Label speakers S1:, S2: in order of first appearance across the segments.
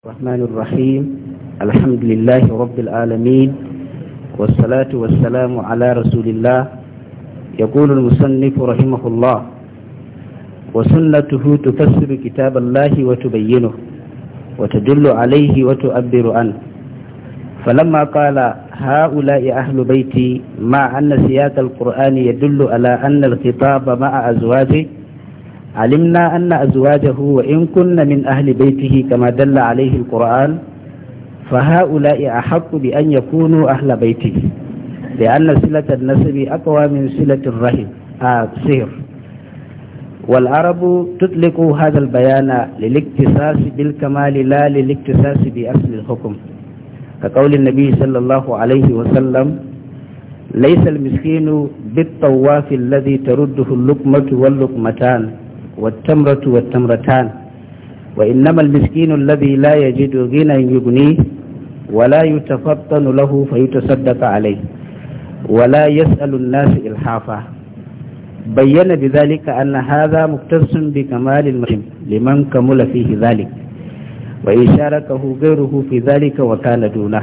S1: الرحمن الرحيم الحمد لله رب العالمين والصلاة والسلام على رسول الله يقول المصنف رحمه الله وسنته تفسر كتاب الله وتبينه وتدل عليه وتؤبر عنه فلما قال هؤلاء أهل بيتي مع أن سياق القرآن يدل على أن الخطاب مع أزواجه علمنا أن أزواجه وإن كن من أهل بيته كما دل عليه القرآن فهؤلاء أحق بأن يكونوا أهل بيته لأن صلة النسب أقوى من صلة الرحم آه سير والعرب تطلق هذا البيان للاكتساس بالكمال لا للاكتساس بأصل الحكم كقول النبي صلى الله عليه وسلم ليس المسكين بالطواف الذي ترده اللقمة واللقمتان والتمرة والتمرتان وإنما المسكين الذي لا يجد غنى يغنيه ولا يتفطن له فيتصدق عليه ولا يسأل الناس إلحافا بين بذلك أن هذا مقتص بكمال المسلم لمن كمل فيه ذلك وإن شاركه غيره في ذلك وكان دونه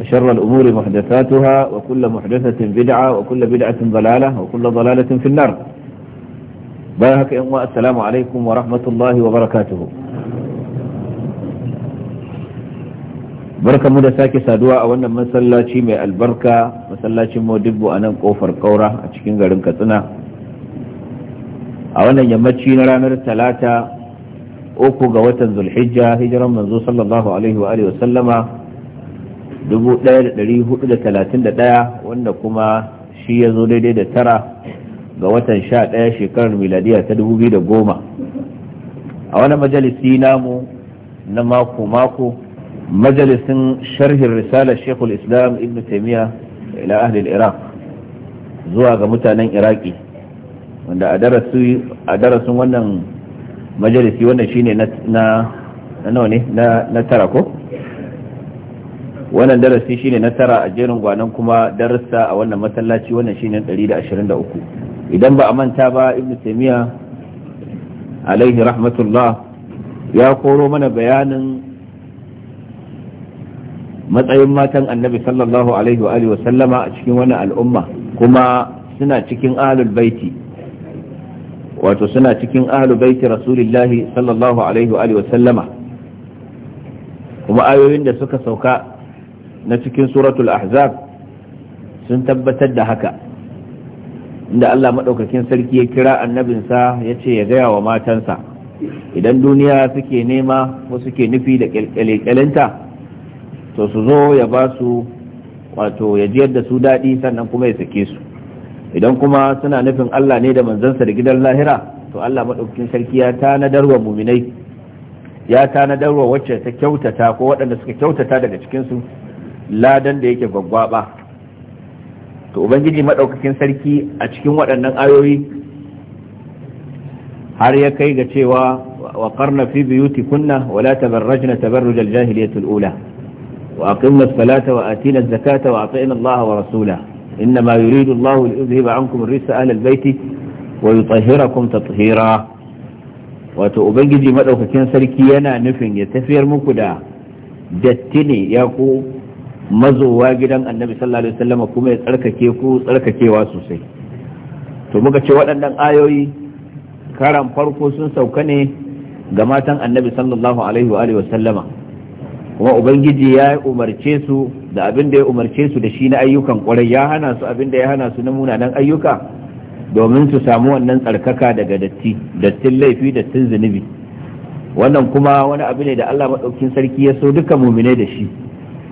S2: وشر الأمور محدثاتها وكل محدثة بدعة وكل بدعة ضلالة وكل ضلالة في النار بارك السلام عليكم ورحمة الله وبركاته barka mu da sake saduwa a wannan masallaci mai albarka masallacin modibbo a nan kofar kaura a cikin garin katsina a wannan yammaci na ranar talata uku ga watan zulhijja hijiran manzo sallallahu alaihi wa 1431 wanda kuma shi ya zo daidai da tara ga watan 11 shekarar miladiya ta 2010 a wani majalisi namu na mako-mako majalisin sharhin risalar shekul islam ibn taimiyya ila ahlil iraq zuwa ga mutanen iraki wanda a darasin wannan majalisi wannan shine ne na tara ko wannan darasi shine na tara a jerin gwanan kuma darussa a wannan masallaci wannan shine 123 idan ba a manta ba ibn taymiya alaihi rahmatullah ya koro mana bayanin matsayin matan annabi sallallahu alaihi wa alihi a cikin wannan al'umma kuma suna cikin ahlul baiti wato suna cikin ahlul baiti sallallahu alaihi wa alihi kuma ayoyin da suka sauka na cikin suratul ahzab sun tabbatar da haka inda Allah maɗaukakin sarki ya kira annabinsa ya ce ya gaya wa matansa idan duniya suke nema ko suke nufi da kyalkyalinta to su zo ya ba su wato ya jiyar da su daɗi sannan kuma ya sake su idan kuma suna nufin Allah ne da manzansa da gidan lahira to Allah maɗaukakin sarki ya tanadarwa muminai ya tanadarwa wacce ta kyautata ko waɗanda suka kyautata daga cikinsu ladan da yake gwaggwaba to ubangiji maɗaukakin sarki a cikin waɗannan ayoyi har ya kai ga cewa wa karna fi biyuti kunna wala tabarrajna tabarruj al-jahiliyatul ula wa aqimna as-salata wa atina az-zakata wa atina Allah wa rasula innama yuridu Allah li yuzhiba ankum ar-risa ahla al-bayti wa yutahhirakum tatheera wato ubangiji madaukakin sarki yana nufin ya tafiyar muku da datti ne ya ku mazowa gidan annabi sallallahu alaihi wasallam kuma ya tsarkake ku tsarkakewa sosai to muka ce waɗannan ayoyi karan farko sun sauka ne ga matan annabi sallallahu alaihi wa alihi wasallama kuma ubangiji ya umarce su da abin da ya umarce su da shi na ayyukan kwarai ya hana su abin da ya hana su na munanan ayyuka domin su samu wannan tsarkaka daga datti dattin laifi dattin zunubi wannan kuma wani abu ne da Allah maɗaukin sarki ya so duka muminai da shi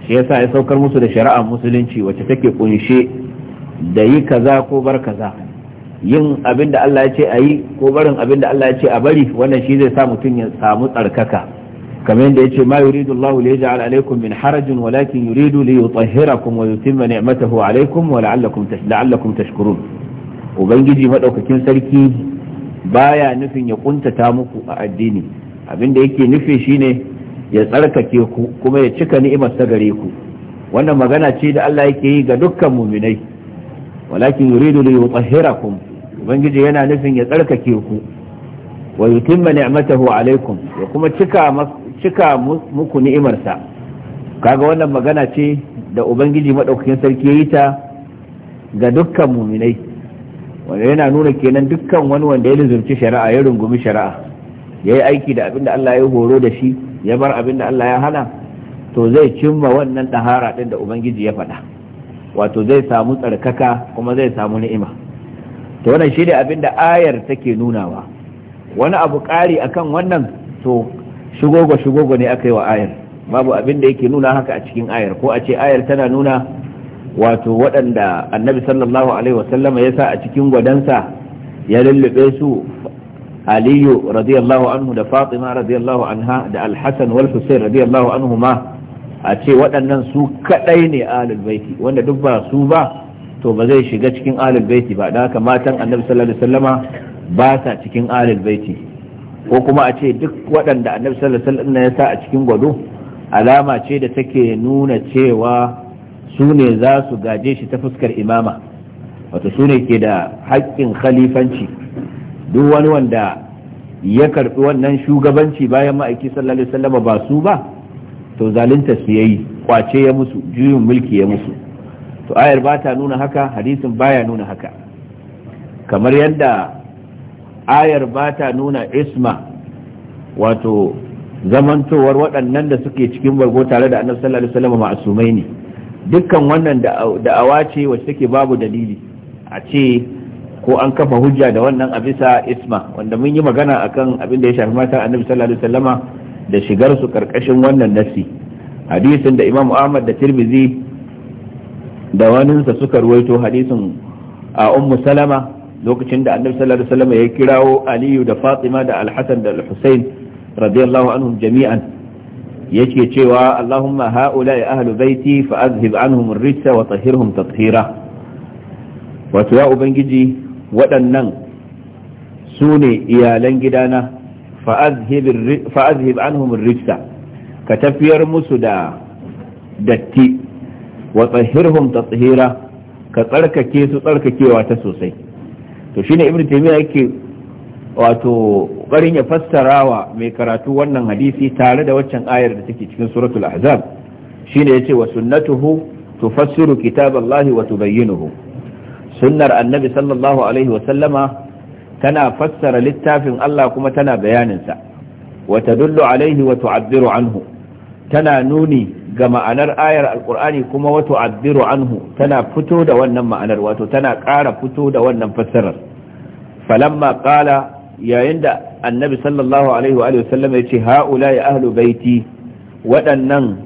S2: shi yasa ya saukar musu da shari'a musulunci wacce take kunshe da yi kaza ko bar kaza yin abin da Allah ya ce a yi ko barin abin da Allah ya ce a bari wannan shi zai sa mutum ya samu tsarkaka kamar yadda ya ce ma yuridu Allah li yaj'al min harajin walakin yuridu li yutahhirakum wa yutimma ni'matahu alaykum wa la'allakum la'allakum tashkurun ubangiji madaukakin sarki baya nufin ya kuntata muku a addini abin da yake nufi shine ya tsarkake ku kuma ya cika ni'imar ta gare ku wannan magana ce da Allah yake yi ga dukkan muminai walakin yuridu li yutahhirakum ubangiji yana nufin ya tsarkake ku wa yutimma ni'matahu alaikum ya kuma cika cika muku ni'imarsa kaga wannan magana ce da ubangiji madaukakin sarki yayi ta ga dukkan muminai wanda yana nuna kenan dukkan wani wanda ya lizurci shari'a ya rungumi shari'a ya yi aiki da abin da Allah ya horo da shi ya bar abin da Allah ya hana to zai cimma wannan ɗahara ɗin da ubangiji ya faɗa wato zai samu tsarkaka kuma zai samu ni'ima to wannan shi ne abin da ayar take nunawa wani abu ƙari akan wannan to shigogo shigogo ne aka yi wa ayar babu abin da yake nuna haka a cikin ayar ko a ce ayar tana nuna wato waɗanda annabi sallallahu alaihi wasallama ya sa a cikin gwadansa ya lullube su aliyu radiyallahu anhu da fatima radiyallahu anha da alhassan wal husain radiyallahu anhu ma a ce waɗannan su kaɗai ne ahlul baiti wanda duk ba su ba to ba zai shiga cikin ahlul baiti ba da haka matan annabi sallallahu alaihi wasallama ba sa cikin ahlul baiti ko kuma a ce duk waɗanda annabi sallallahu alaihi wasallam ya sa a cikin gwado alama ce da take nuna cewa su ne za su gaje shi ta fuskar imama wato su ne ke da haƙƙin khalifanci duk wani wanda ya karɓi wannan shugabanci bayan ma'aiki sallallahu alaihi wasallam ba su ba to zalunta su yayi kwace ya musu juyin mulki ya musu to ayar ba ta nuna haka hadisin baya nuna haka kamar yadda ayar ba ta nuna isma wato zamantowar waɗannan da suke cikin bargo tare da annabi sallallahu alaihi wasallam ma'asumai ne dukkan wannan da awace wacce take babu dalili a ce ko an kafa hujja da wannan a bisa isma wanda mun yi magana akan abin da ya shafi matan annabi sallallahu alaihi wasallama da shigar su karkashin wannan nasi hadisin da imam ahmad da tirmizi da waninsa suka ruwaito hadisin a ummu salama lokacin da annabi sallallahu alaihi ya kirawo aliyu da fatima da alhasan da alhusain radiyallahu anhum jami'an yake cewa allahumma haula'i ahlu baiti fa azhib anhum ar-rijsa wa tahhirhum tathira wato ya ubangiji waɗannan su ne iyalan gidana fa'azhib anhum rijsa ka tafiyar musu da datti wa tsahirhum tsahira ka tsarkake su tsarkakewa ta sosai to shine ibnu taimiyya yake wato ƙoƙarin ya fassara wa mai karatu wannan hadisi tare da waccan ayar da take cikin suratul ahzab shine yace wa sunnatuhu tufassiru kitaballahi wa tubayyinuhu sunnar annabi sallallahu alaihi wasallama tana fassara littafin Allah kuma tana bayaninsa wata dullu alaihi wa tu'abbiru anhu tana nuni ga ma'anar ayar alkur'ani kuma wa tu'abbiru anhu tana fito da wannan ma'anar wato tana ƙara fito da wannan fassarar falamma qala yayin da annabi sallallahu alaihi wa sallama ya ce ha'ula ya ahlu baiti waɗannan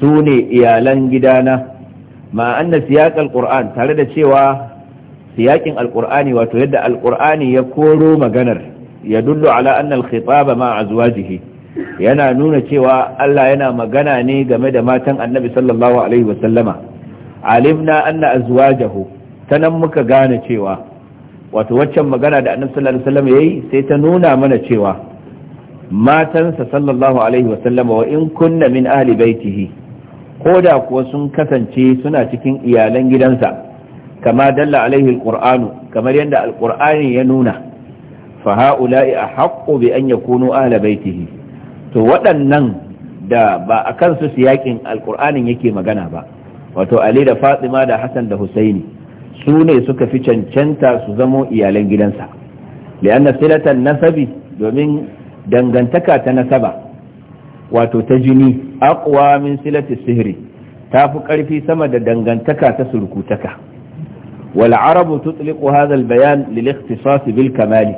S2: su ne iyalan gidana ma'an na siyaqal qur'an tare da cewa Yakin alkur'ani wato yadda alkur'ani ya koro maganar ya dullu ala anna al-khitaba ma azwajihi yana nuna cewa Allah yana magana ne game da matan Annabi sallallahu alaihi wa sallama alimna anna azwajahu tanan muka gane cewa wato waccan magana da Annabi sallallahu alaihi wa sallama yayi sai ta nuna mana cewa matansa sallallahu alaihi wa sallama wa in kunna min ahli baitihi koda kuwa sun kasance suna cikin iyalan gidansa kama dalla alaihi alqur'anu kamar yadda alqur'ani ya nuna fa haula'i ahqqu bi an yakunu ahla baitihi to waɗannan da ba a kansu siyakin alqur'anin yake magana ba wato ali da Fatsima da hasan da husaini su ne suka fi cancanta su zamo iyalan gidansa li'anna silatan nasabi domin dangantaka ta nasaba wato ta jini aqwa min silati sihiri ta fi ƙarfi sama da dangantaka ta surkutaka wal arabu tutliqu hadha al bayan lil bil kamali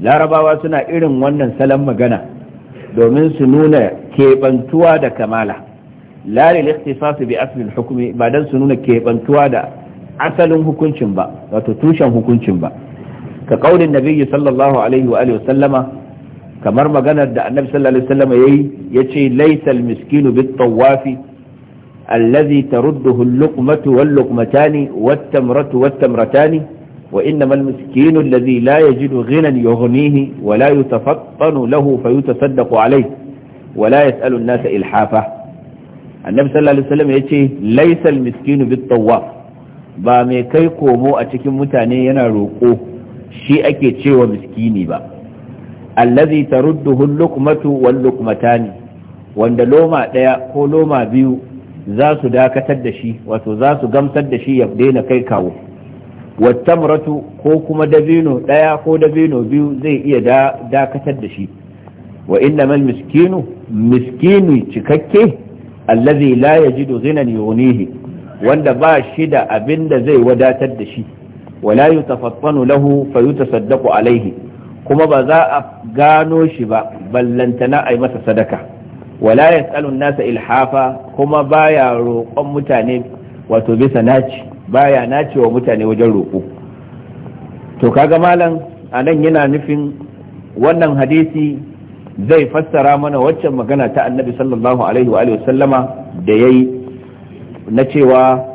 S2: larabawa suna irin wannan salon magana domin su nuna kebantuwa da kamala la lil ikhtisas bi asl ba dan su nuna kebantuwa da asalin hukuncin ba wato tushen hukuncin ba ka kaulin nabiyyi sallallahu alaihi wa alihi sallama kamar maganar da annabi sallallahu alaihi wasallam yayi yace laysal miskinu bit tawafi allazi tarudduhu al-luqmatu wal-luqmatani wat-tamratu wat-tamratani wa innamal miskinu allazi la yajidu ghinan yughnihi wa la yutafattanu lahu fayutasaddaqu alayhi wa la yas'alu an-nasa ilhafa annabi sallallahu alaihi wasallam yace laysa al-miskinu bit-tawwaf ba mai kai komo a cikin mutane yana roƙo shi ake cewa miskini ba allazi tarudduhu al-luqmatu wal-luqmatani wanda loma ɗaya ko loma biyu za su dakatar da shi wato za su gamsar da shi ya daina kai kawo wattamratu ko kuma dabino ɗaya ko dabino biyu zai iya dakatar da shi wa innamal miskinu miskini cikakke allazi la yajidu ghinan yunihi wanda ba shi da abin da zai wadatar da shi wala yutafattanu lahu Sadaku alaihi kuma ba za a gano shi ba ballantana ai masa sadaka wala yasalu nasa ilhafa kuma ya roƙon mutane wato bisa naci baya naci wa mutane wajen roƙo to kaga malam anan yana nufin wannan hadisi zai fassara mana waccan magana ta annabi sallallahu alaihi wa sallama da yayi na cewa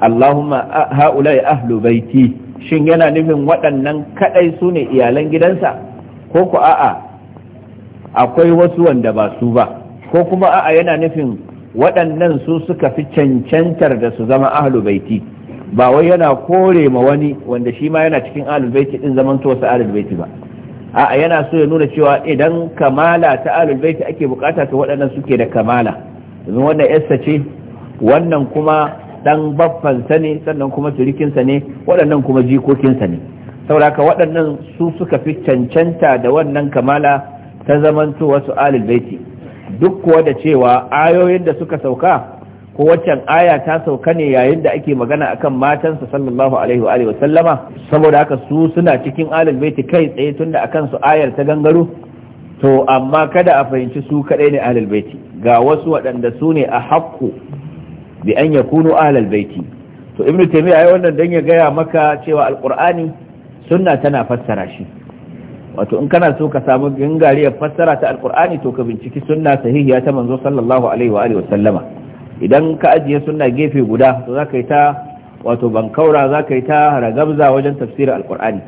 S2: Allahumma ha'ulai ahlu baiti shin yana nufin waɗannan kaɗai su ne iyalan gidansa ko ku a'a akwai wasu wanda ba su ba ko kuma a'a yana nufin waɗannan su suka fi cancantar da su zama ahlul baiti ba wai yana kore ma wani wanda shi ma yana cikin ahlul baiti din zaman to wasu ahlul baiti ba a'a yana so ya nuna cewa idan kamala ta ahlul baiti ake bukata to waɗannan suke da kamala yanzu wannan yarsa ce wannan kuma dan sa ne sannan kuma turikinsa ne waɗannan kuma jikokinsa ne saboda haka waɗannan su suka fi cancanta da wannan kamala ta zamanto wasu alil baiti duk kuwa da cewa ayoyin da suka sauka ko waccan aya ta sauka ne yayin da ake magana akan matansa sallallahu alaihi wa alihi sallama saboda haka su suna cikin alil baiti kai tsaye tunda akan su ayar ta gangaro to amma kada a fahimci su kadai ne ahlul baiti ga wasu waɗanda su ne a haƙƙu bi an yakunu ahlul baiti to ibnu taymiya ya wannan don ya gaya maka cewa alqur'ani sunna tana fassara shi wato in kana so ka samu gangariyar fassara ta alkur'ani to ka binciki sunna sahihiya ta manzo sallallahu alaihi wa alihi sallama idan ka ajiye sunna gefe guda to zaka yi ta wato bankaura zaka yi ta ragabza wajen tafsirin alkur'ani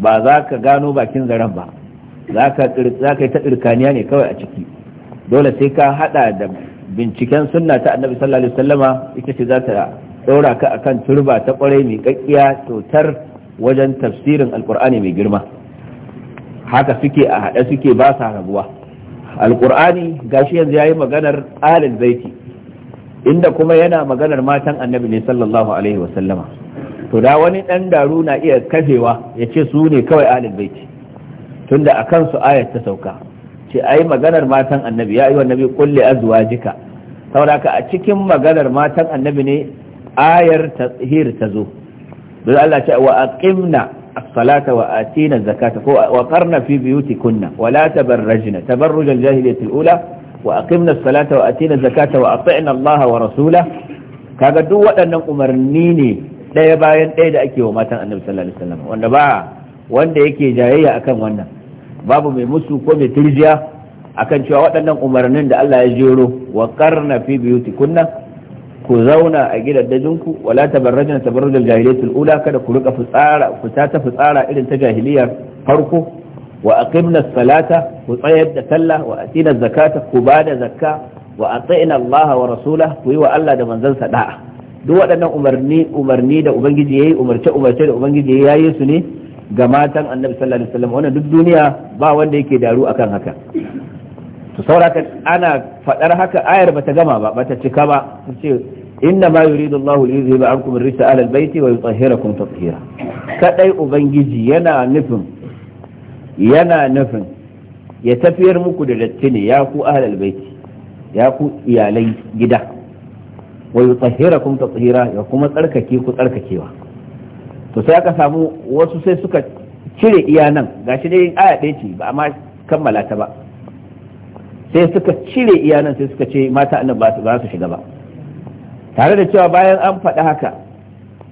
S2: ba za ka gano bakin zaren ba zaka ka yi ta tsirkaniya ne kawai a ciki dole sai ka hada da binciken sunna ta annabi sallallahu alaihi wasallama ita ce za ta daura ka akan turba ta kwarai mai kakkiya totar wajen tafsirin alkur'ani mai girma haka suke a haɗe suke ba sa rabuwa alkur'ani gashi yanzu yayi maganar alin zaiti inda kuma yana maganar matan annabi ne sallallahu alaihi wasallama to da wani ɗan daru na iya kafewa ya ce su ne kawai alin baiti tunda a kansu ayat ta sauka ce ai maganar matan annabi ya yi wa nabi kulli azwajika saboda ka a cikin maganar matan annabi ne ayar tahir ta zo don Allah ce wa aqimna as-salata wa atina zakata ko wa qarna fi buyutikunna wa la tabarrajna tabarruj al-jahiliyyah al-ula wa aqimna as zakata wa atina wa rasulah kaga duk waɗannan umarni ne ɗaya bayan ɗaya da ake wa matan Annabi sallallahu alaihi wasallam wanda ba wanda yake jayayya akan wannan babu mai musu ko mai turjiya akan cewa waɗannan umarnin da Allah ya jero wa qarna fi buyutikunna ku zauna a gidan gidajenku wala tabarrajna tabarrujal jahiliyatul ula kada ku rika fitsara fita ta fitsara irin ta jahiliyar farko wa aqimna salata ku tsayar da sallah wa atina zakata ku bada zakka wa atina Allah wa rasulah ku yi wa Allah da manzansa da'a duk waɗannan umarni umarni da ubangiji yayi umarce umarce da ubangiji yayi su ne ga matan annabi sallallahu alaihi wasallam wannan duk duniya ba wanda yake daru akan haka to sauraka ana faɗar haka ayar bata gama ba bata cika ba ce inna ma yuridu Allahu li yuzhiba ankum ar-rijsa ala al-bayti wa yutahhirakum tatheera kadai ubangiji yana nufin yana nufin ya tafiyar muku da datti ne ya ku ahlal baiti ya ku iyalai gida wa yutahhirakum tatheera ya kuma tsarkake ku tsarkakewa to sai aka samu wasu sai suka cire iya nan gashi dai aya ɗaya ce ba ma kammala ta ba sai suka cire iya nan sai suka ce mata ba su shiga ba tare da cewa bayan an faɗi haka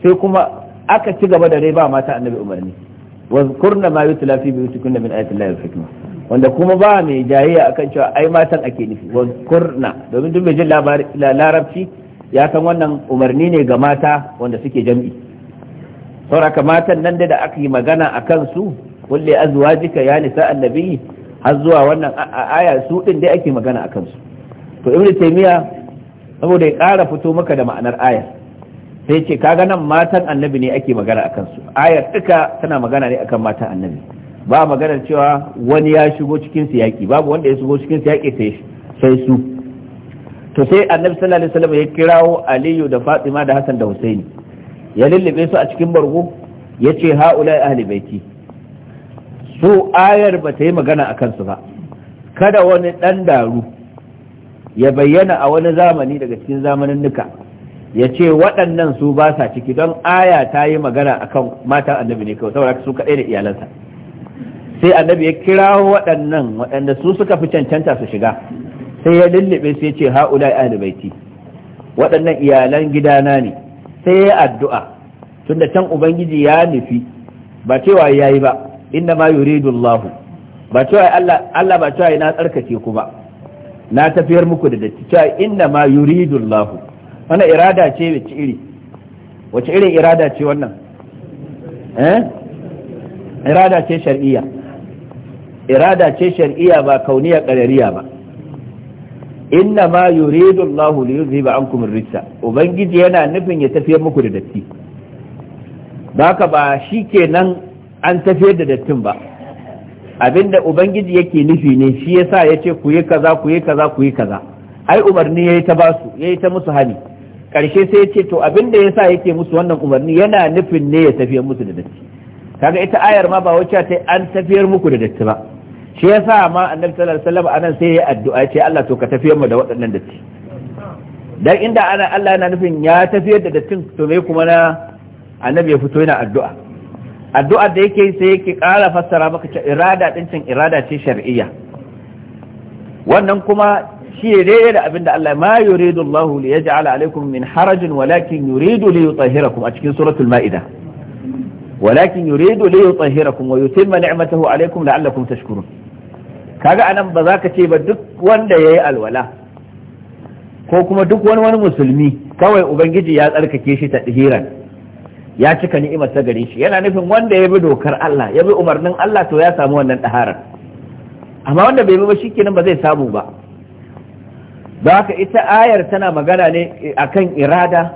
S2: sai kuma aka ci gaba da rai ba mata annabi umarni wa kurna ma yutla fi buyutikunna min ayati llahi hikma wanda kuma ba mai jayayya akan cewa ai matan ake nufi wa kurna domin duk mai jin larabci ya san wannan umarni ne ga mata wanda suke jam'i sauraka matan nan da aka yi magana a kansu kulle azwajika ya nisa annabi har zuwa wannan aya su din dai ake magana a kansu to ibnu taymiya saboda ya ƙara fito maka da ma'anar ayar sai ce kaga nan matan annabi ne ake magana a kansu ayar duka tana magana ne akan matan annabi ba maganar cewa wani ya shigo cikin yaƙi. babu wanda ya shigo cikin yaƙi sai su to sai annabi sallallahu alaihi wasallam ya kirawo aliyu da fatima da hasan da husaini ya lullube su a cikin bargo ya ce ha'ula ahli baiti su ayar ba ta yi magana a kansu ba kada wani ɗan daru ya bayyana a wani zamani daga cikin zamanin nuka ya ce waɗannan su ba sa ciki don aya ta yi magana akan matan annabi ne kawai saboda su kaɗai da iyalansa sai annabi ya kira waɗannan waɗanda su suka fi cancanta su shiga sai ya lullube sai ce ha'ula ahli baiti waɗannan iyalan gidana ne sai ya addu'a Tun da can ubangiji ya nufi ba cewa yi ba inna ma yuridu Allah ba cewa Allah Allah ba cewa na tsarkake ku ba na tafiyar muku da datti cewa inna ma yuridu Allah wana irada ce wace iri wace irin irada ce wannan eh irada ce shar'iyya irada ce shar'iyya ba kauniya qarariya ba inna ma yuridu Allah li yuzhiba ankum ar-rijsa ubangiji yana nufin ya tafiyar muku da datti baka ba shikenan an tafiyar da dattin ba abinda ubangiji yake nufi ne shi yasa yace ku yi kaza ku yi kaza ku yi kaza ai umarni yayi ta basu yayi ta musu hani karshe sai yace to abinda yasa yake musu wannan umarni yana nufin ne ya tafiyar musu da datti kaga ita ayar ma ba wacce ta an tafiyar muku da datti ba shi yasa ma annabi sallallahu alaihi wasallam anan sai ya addu'a ce Allah to ka tafiyar mu da waɗannan datti dan inda ana Allah yana nufin ya tafiyar da dattin to me kuma na annabi ya fito yana addu'a addu'ar da yake sai yake ƙara fassara maka ce irada din can irada ce shar'iyya wannan kuma shi ne daidai da abinda Allah ma yuridu Allah li yaj'ala alaikum min harajin walakin yuridu li yutahhirakum a cikin suratul ma'ida walakin yuridu li yutahhirakum wa yutimma ni'matahu alaikum la'allakum tashkurun kaga anan ba za ka ce ba duk wanda yayi alwala ko kuma duk wani wani musulmi kawai ubangiji ya tsarkake shi ta hiran ya cika ni'imar ta gare shi yana nufin wanda ya bi dokar Allah ya bi umarnin Allah to ya samu wannan ɗaharar amma wanda bai bi ba shikenan ba zai samu ba don haka ita ayar tana magana ne akan irada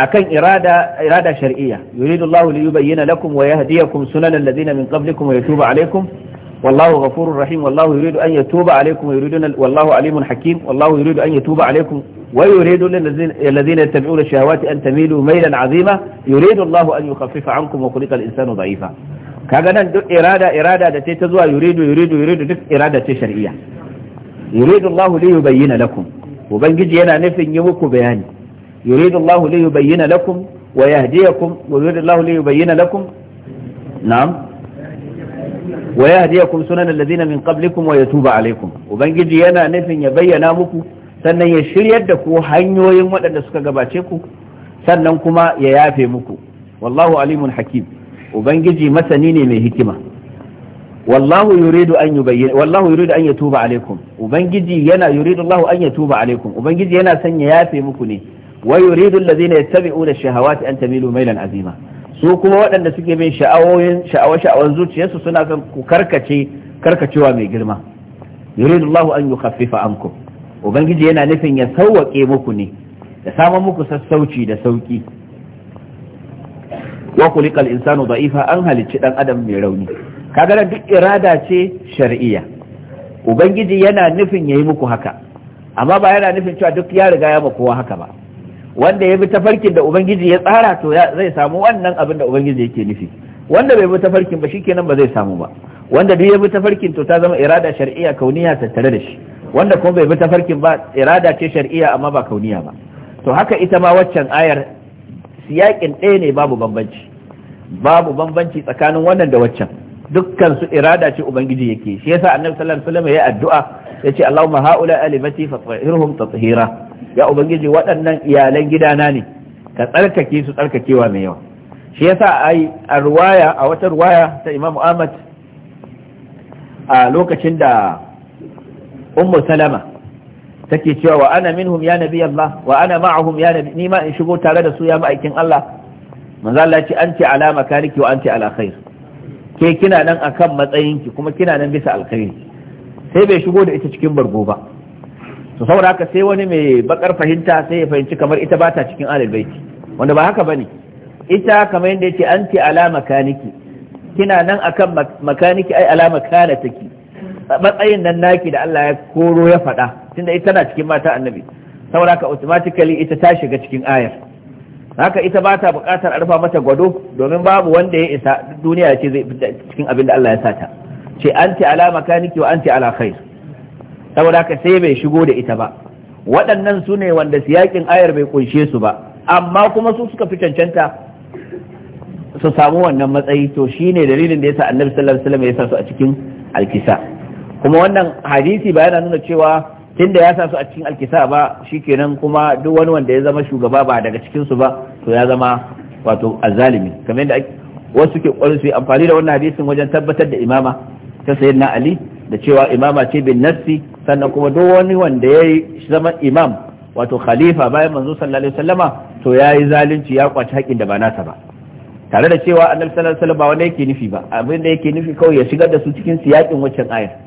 S2: akan irada irada shar'iyya yuridu Allah li yubayyana lakum wa yahdiyakum sunanal ladina min qablikum wa yatuba alaykum wallahu ghafurur rahim wallahu yuridu an yatuba alaykum wa yuridu wallahu alimun hakim wallahu yuridu an yatuba alaykum ويريد للذين يتبعون الشهوات أن تميلوا ميلا عظيما يريد الله أن يخفف عنكم وخلق الإنسان ضعيفا كذا نن إرادة إرادة تتزوى يريد يريد يريد دك إرادة شرعية يريد الله ليبين لكم وبنجي أنا نفي يوكو بياني يريد الله ليبين لكم ويهديكم ويريد الله ليبين لكم نعم ويهديكم سنن الذين من قبلكم ويتوب عليكم وبنجي أنا نفي يبين لكم sannan ya shiryar da ku hanyoyin waɗanda suka gabace ku sannan kuma ya yafe muku wallahu alimun hakim ubangiji masani ne mai hikima wallahu yuridu an yubayyin wallahu yuridu an yatuba alaikum ubangiji yana yuridu Allahu an yatuba alaikum ubangiji yana son ya yafe muku ne wa yuridu allazina yattabi'una shahawati an tamilu mailan azima su kuma waɗanda suke bin sha'awoyin sha'awa-sha'awan zuciyarsu suna son ku karkace karkacewa mai girma yuridu Allahu an yukhaffifa ankum ubangiji yana nufin ya sauwaƙe muku ne ya samu muku sassauci da sauƙi wa kulikal insanu da'ifa an halicci dan adam mai rauni kaga duk irada ce shar'iyya ubangiji yana nufin ya yi muku haka amma ba yana nufin cewa duk ya riga ya kowa haka ba wanda ya bi tafarkin da ubangiji ya tsara to zai samu wannan abin da ubangiji yake nufi wanda bai bi tafarkin ba shikenan ba zai samu ba wanda duk ya bi tafarkin to ta zama irada shar'iyya kauniya tattare da shi wanda kuma bai bi tafarkin ba irada ce shari'a amma ba kauniya ba to haka ita ma waccan ayar siyakin ɗaya ne babu bambanci babu bambanci tsakanin wannan da waccan dukkan su irada ce ubangiji yake shi yasa annabi sallallahu alaihi wasallam ya addu'a yace Allahumma haula alimati fatahhirhum tathira ya ubangiji waɗannan iyalan gidana ne ka tsarkake su tsarkakewa mai yawa shi yasa ai a ruwaya a wata ruwaya ta Imam Ahmad a lokacin da ummu salama take cewa wa ana minhum ya nabi Allah wa ana ma'ahum ya nabi ni ma in shigo tare da su ya ma'aikin Allah manzo Allah ce anti ala makariki wa anti ala ke kina nan akan matsayinki kuma kina nan bisa alkhairi sai bai shigo da ita cikin bargo ba to saboda sai wani mai bakar fahimta sai ya fahimci kamar ita bata cikin alal baiti wanda ba haka ita kamar yadda yace anti kina nan akan makaniki ai ala makana matsayin nan naki da Allah ya koro ya faɗa tunda ita tana cikin mata annabi saboda haka automatically ita ta shiga cikin ayar haka ita ba ta buƙatar a rufa mata gwado domin babu wanda ya isa duniya ce zai cikin abin da Allah ya sata ce anti ala makaniki wa anti ala khair saboda haka sai bai shigo da ita ba waɗannan su ne wanda siyakin ayar bai kunshe su ba amma kuma su suka fi cancanta su samu wannan matsayi to shine dalilin da yasa annabi sallallahu alaihi wasallam ya sa su a cikin alkisa kuma wannan hadisi ba yana nuna cewa tunda ya sa su a cikin alkisa ba shikenan kuma duk wani wanda ya zama shugaba ba daga cikin su ba to ya zama wato azalimi kamar yadda wasu suke kwarin su yi amfani da wannan hadisin wajen tabbatar da imama ta sayyidina ali da cewa imama ce bin nassi sannan kuma duk wani wanda ya zama imam wato khalifa bayan manzo sallallahu alaihi wasallama to ya yi zalunci ya kwaci haƙin da ba nasa ba tare da cewa annabi sallallahu alaihi wasallam ba wanda yake nufi ba abin da yake nufi kawai ya shigar da su cikin siyakin waccan ayat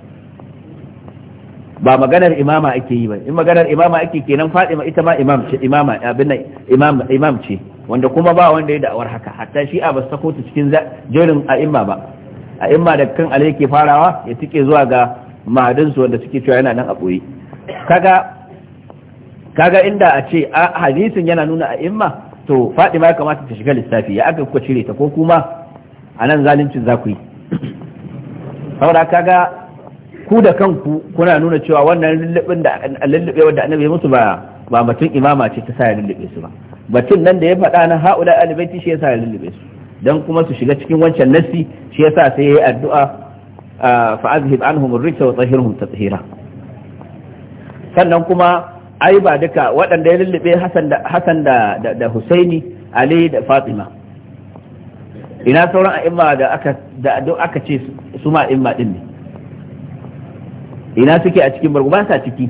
S2: ba maganar imama ake yi ba in maganar imama ake kenan Fatima ita ma imam ce imama abin imam imam ce wanda kuma ba wanda ya da'awar haka hatta a ba sako ta cikin jerin a imma ba a imma da kan alai ke farawa ya tike zuwa ga mahadin su wanda suke cewa yana nan a boye kaga kaga inda a ce a hadisin yana nuna a imma to Fatima ya kamata ta shiga lissafi ya aka kuka cire ta ko kuma a nan zaluncin za ku yi saboda kaga ku da kanku kuna nuna cewa wannan lullubin da lullube wanda annabi ya musu ba ba batun imama ce ta sa ya lullube su ba batun nan da ya faɗa na haula alibaiti shi ya sa ya lullube su dan kuma su shiga cikin wancan nassi shi yasa sai yayi addu'a fa azhib anhum ar-rijsa wa tahhirhum tatheera sannan kuma ai ba duka waɗanda ya lullube Hassan da Hassan da da Husaini Ali da Fatima ina sauran a'imma da aka da aka ce su ma a'imma din ne ina suke a cikin bargo ba sa ciki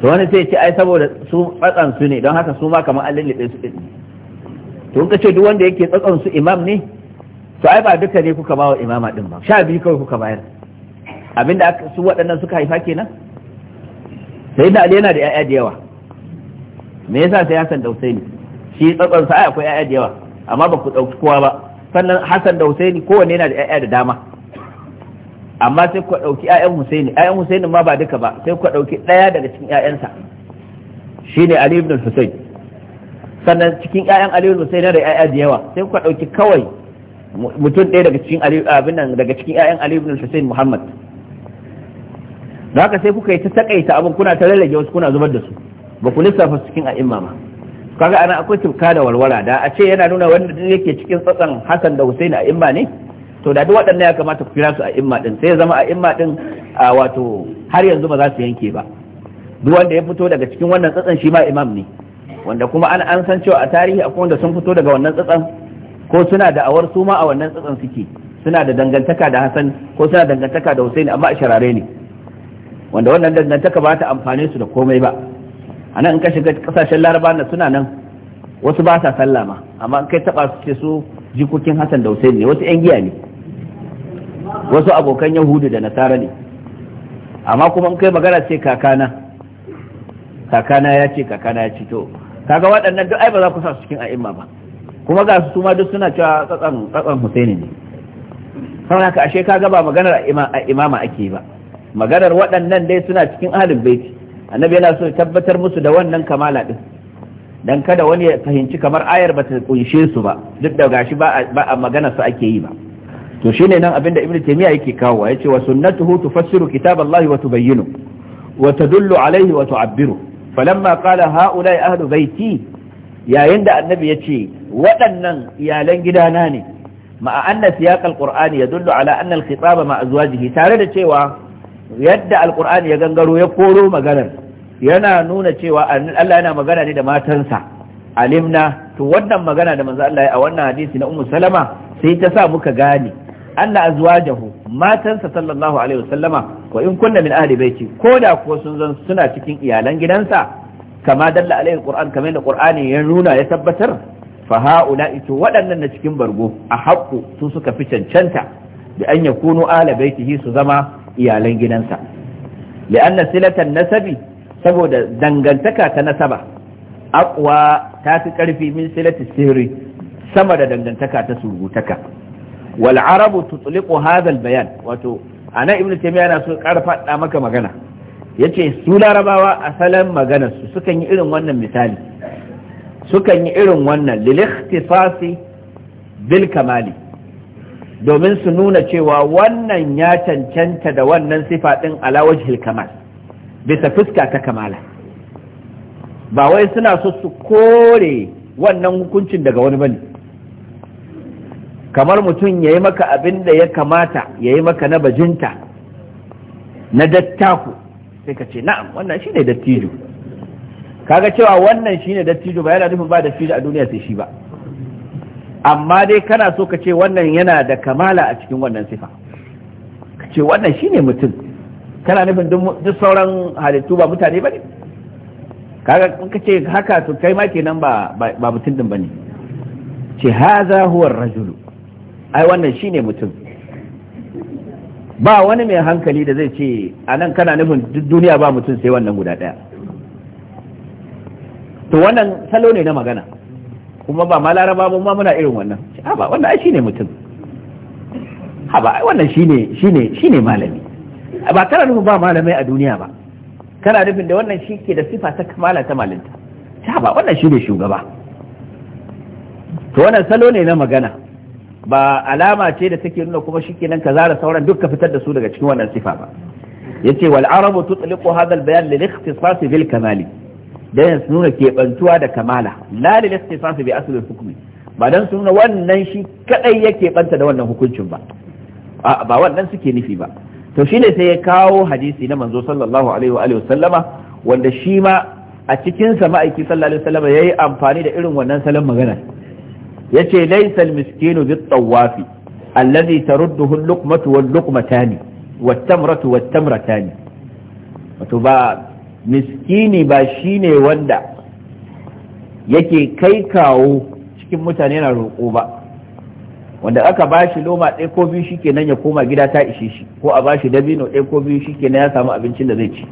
S2: to wani sai ce ai saboda su tsatsan su ne don haka su ma kamar an lullube su din to ka ce duk wanda yake tsatsan su imam ne to ai ba duka ne kuka bawa imama din ba sha biyu kawai kuka bayar abinda su waɗannan suka haifa kenan sai da ali yana da 'ya'ya da yawa me yasa sai Hassan da Husaini shi tsatsan sa ai akwai 'ya'ya da yawa amma ba ku ɗauki kowa ba sannan Hassan da Husaini kowanne yana da 'ya'ya da dama amma sai ku ɗauki 'ya'yan husaini 'ya'yan husaini ma ba duka ba sai ku ɗauki ɗaya daga cikin 'ya'yansa shine ali ibn husayn sannan cikin 'ya'yan ali ibn husayn da 'ya'ya da yawa sai ku ɗauki kawai mutum ɗaya daga cikin abin nan daga cikin 'ya'yan ali ibn husayn muhammad da haka sai kuka yi ta takaita abin kuna ta rarrage wasu kuna zubar da su ba ku lissafa su cikin a'imma ma kaga ana akwai tufka da walwala da a ce yana nuna wanda yake cikin tsatsan hasan da husaini a'imma ne to da duk waɗannan ya kamata ku kira su a imma din sai zama a imma din a wato har yanzu ba za su yanke ba duk wanda ya fito daga cikin wannan tsatsan shi ma imam ne wanda kuma an an san cewa a tarihi akwai wanda sun fito daga wannan tsatsan ko suna da awar su ma a wannan tsatsan suke suna da dangantaka da Hassan ko suna dangantaka da Hussein amma a sharare ne wanda wannan dangantaka ba ta amfane su da komai ba a nan in ka shiga kasashen laraba na suna nan wasu ba sa sallama amma in kai taba su ce su jikokin Hassan da Hussein ne wasu yan giya ne wasu abokan yahudu da nasara ne amma kuma in kai magana sai kakana kakana ya ce kakana ya ce to kaga waɗannan duk ai ba za ku sa su cikin a'imma ba kuma ga su ma duk suna cewa tsatsan tsatsan Husaini ne saboda haka ashe kaga ba maganar imama ake ba maganar waɗannan dai suna cikin ahlul baiti annabi yana so tabbatar musu da wannan kamala din dan kada wani ya fahimci kamar ayar ba ta kunshe su ba duk da gashi ba a magana su ake yi ba to shine nan abinda ibnu taymiya yake kawo yace wa sunnatuhu tufassiru kitaballahi wa tubayyinu wa tadullu alaihi wa tu'abbiru falamma qala haula'i ahlu baiti yayin da annabi yace waɗannan iyalan gidana ne ma'a anna siyaq alqur'ani yadullu ala anna alkhitaba ma azwajihi tare da cewa yadda alqur'ani ya gangaro ya koro maganar yana nuna cewa Allah yana magana ne da matansa alimna to wannan magana da manzo Allah ya a wannan hadisi na ummu salama sai ta sa muka gane anna azwajahu matansa sallallahu alaihi wasallama wa in kunna min ahli baiti ko da ko sun zan suna cikin iyalan gidansa kama dalla alaihi alquran kamar da qur'ani ya nuna ya tabbatar fa haula ito waɗannan na cikin bargo a haƙƙu su suka fi cancanta da an yakunu ahli baitihi su zama iyalan gidansa li'anna silatan nasabi saboda dangantaka ta nasaba aqwa ta fi karfi min silati sirri sama da dangantaka ta surutaka wal arabu tutliqu hadha bayan wato ana ibnu taymiya yana so ƙara faɗa maka magana yace su larabawa asalan maganar su sukan yi irin wannan misali sukan yi irin wannan lil ikhtisasi bil kamali domin su nuna cewa wannan ya cancanta da wannan sifa din ala wajhil kamal bisa fuska ta kamala ba wai suna so su kore wannan hukuncin daga wani bane kamar mutum ya yi maka abin da ya kamata ya yi maka na bajinta na dattaku sai ka ce na'am wannan shi ne dattijo kaga cewa wannan shi ne dattijo ba yana nufin ba dattijo a duniya sai shi ba amma dai kana so ka ce wannan yana da kamala a cikin wannan sifa ka ce wannan shi ne mutum kana nufin duk sauran halittu ba mutane ba ne kaga ka ce haka to kai ma kenan ba mutum din ba ne ce haza huwar rajulu ai wannan shi ne mutum ba wani mai hankali da zai ce a nan kana nufin duniya ba mutum sai wannan guda ɗaya to wannan salo ne na magana kuma ba malara laraba ba ma muna irin wannan ba wannan ai ne mutum ba wannan shi ne shine malami ba kana nufin ba malamai a duniya ba kana nufin da wannan shi ke da sifa ta kamala ta malinta a ba wannan shi ne shugaba to wannan salo ne na magana ba alama ce da take nuna kuma shikenan ka zara sauran duk ka fitar da su daga cikin wannan sifa ba yace wal arabu tutliqu hadha al bayan lil ikhtisas bil kamali dan su nuna kebantuwa da kamala la lil ikhtisas bi asl al hukmi ba dan su nuna wannan shi kadai yake banta da wannan hukuncin ba ba wannan suke nufi ba to shine sai ya kawo hadisi na manzo sallallahu alaihi wa alihi sallama wanda shi ma a cikin sa ma'aiki sallallahu alaihi wa sallama yayi amfani da irin wannan salon magana yace laysa al-miskinu bit-tawafi alladhi tarudduhu al-luqmatu wal-luqmatani wat-tamratu wat-tamratani wato ba miskini ba shine wanda yake kai kawo cikin mutane yana roƙo ba wanda aka bashi shi loma ɗaya ko biyu shikenan ya koma gida ta ishe shi ko a bashi dabino ɗaya ko biyu shikenan ya samu abincin da zai ci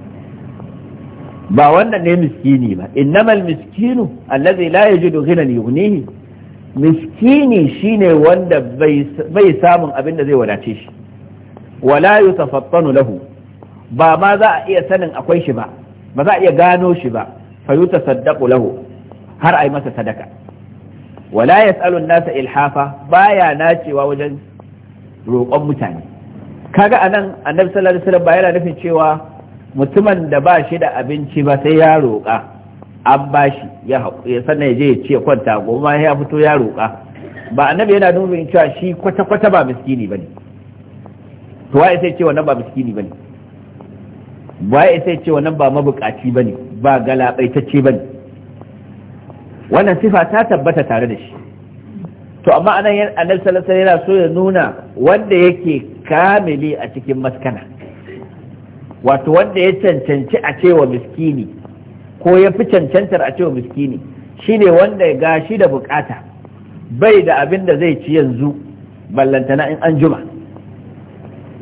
S2: ba wannan ne miskini ba innamal miskinu allazi la yajidu ghinan yughnihi miskini shine wanda bai samun abin da zai wadace shi wala yutafattanu lahu ba ma za a iya sanin akwai shi ba ba za a iya gano shi ba fa yutasaddaqu lahu har ai masa sadaka wala yas'alu an-nasa ilhafa baya nacewa wajen roƙon mutane kaga anan annabi sallallahu alaihi wasallam ba yana nufin cewa mutumin da ba shi da abinci ba sai ya roƙa an bashi ya haƙuri sannan ya je ya ce kwanta goma ya fito ya roƙa ba annabi yana nufin cewa shi kwata-kwata ba miskini ba ne to waye sai ce wannan ba miskini ba ne waye sai ce wannan ba mabukaci ba ne ba galabaitacce ba ne wannan sifa ta tabbata tare da shi to amma anan annabi sallallahu alaihi yana so ya nuna wanda yake kamili a cikin maskana wato wanda ya cancanci a cewa miskini ko ya fi cancantar a cewa miskini shine wanda ya gashi da bukata bai da abin da zai ci yanzu ballantana in an juma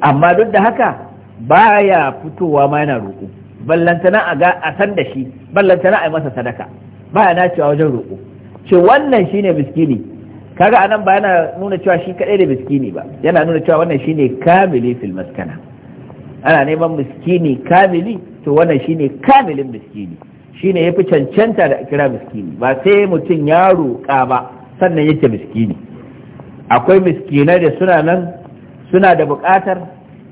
S2: amma duk da haka ba ya fitowa ma yana roƙo ballantana a ga a san da shi ballantana a masa sadaka ba ya nacewa wajen roƙo ce wannan shine miskini kaga anan ba yana nuna cewa shi kadai da miskini ba yana nuna cewa wannan shine kamili fil maskana ana neman miskini kamili to wannan shine kamilin miskini Shi shine fi cancanta da kira miskini ba sai mutum ya roƙa ba sannan yake miskini akwai miskinai da suna nan suna da buƙatar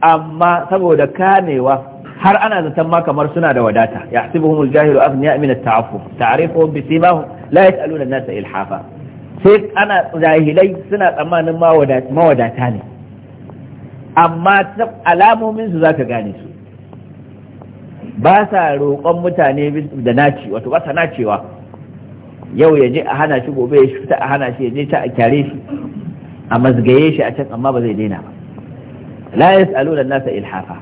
S2: amma saboda kamewa har ana zaton ma kamar suna da wadata ya asibuhum aljahilu aghniya min at-ta'affuf ta'rifu bi simahum la yas'aluna an-nasa ilhafa sai ana jahilai suna tsammanin mawadata ne amma alamomin su zaka gane su ba sa roƙon mutane da naci wato ba sa nacewa yau ya je a hana shi gobe ya fita a hana shi ya je ta a kyare shi a mazgaye shi a can amma ba zai daina ba la yas'aluna nasa ilhafa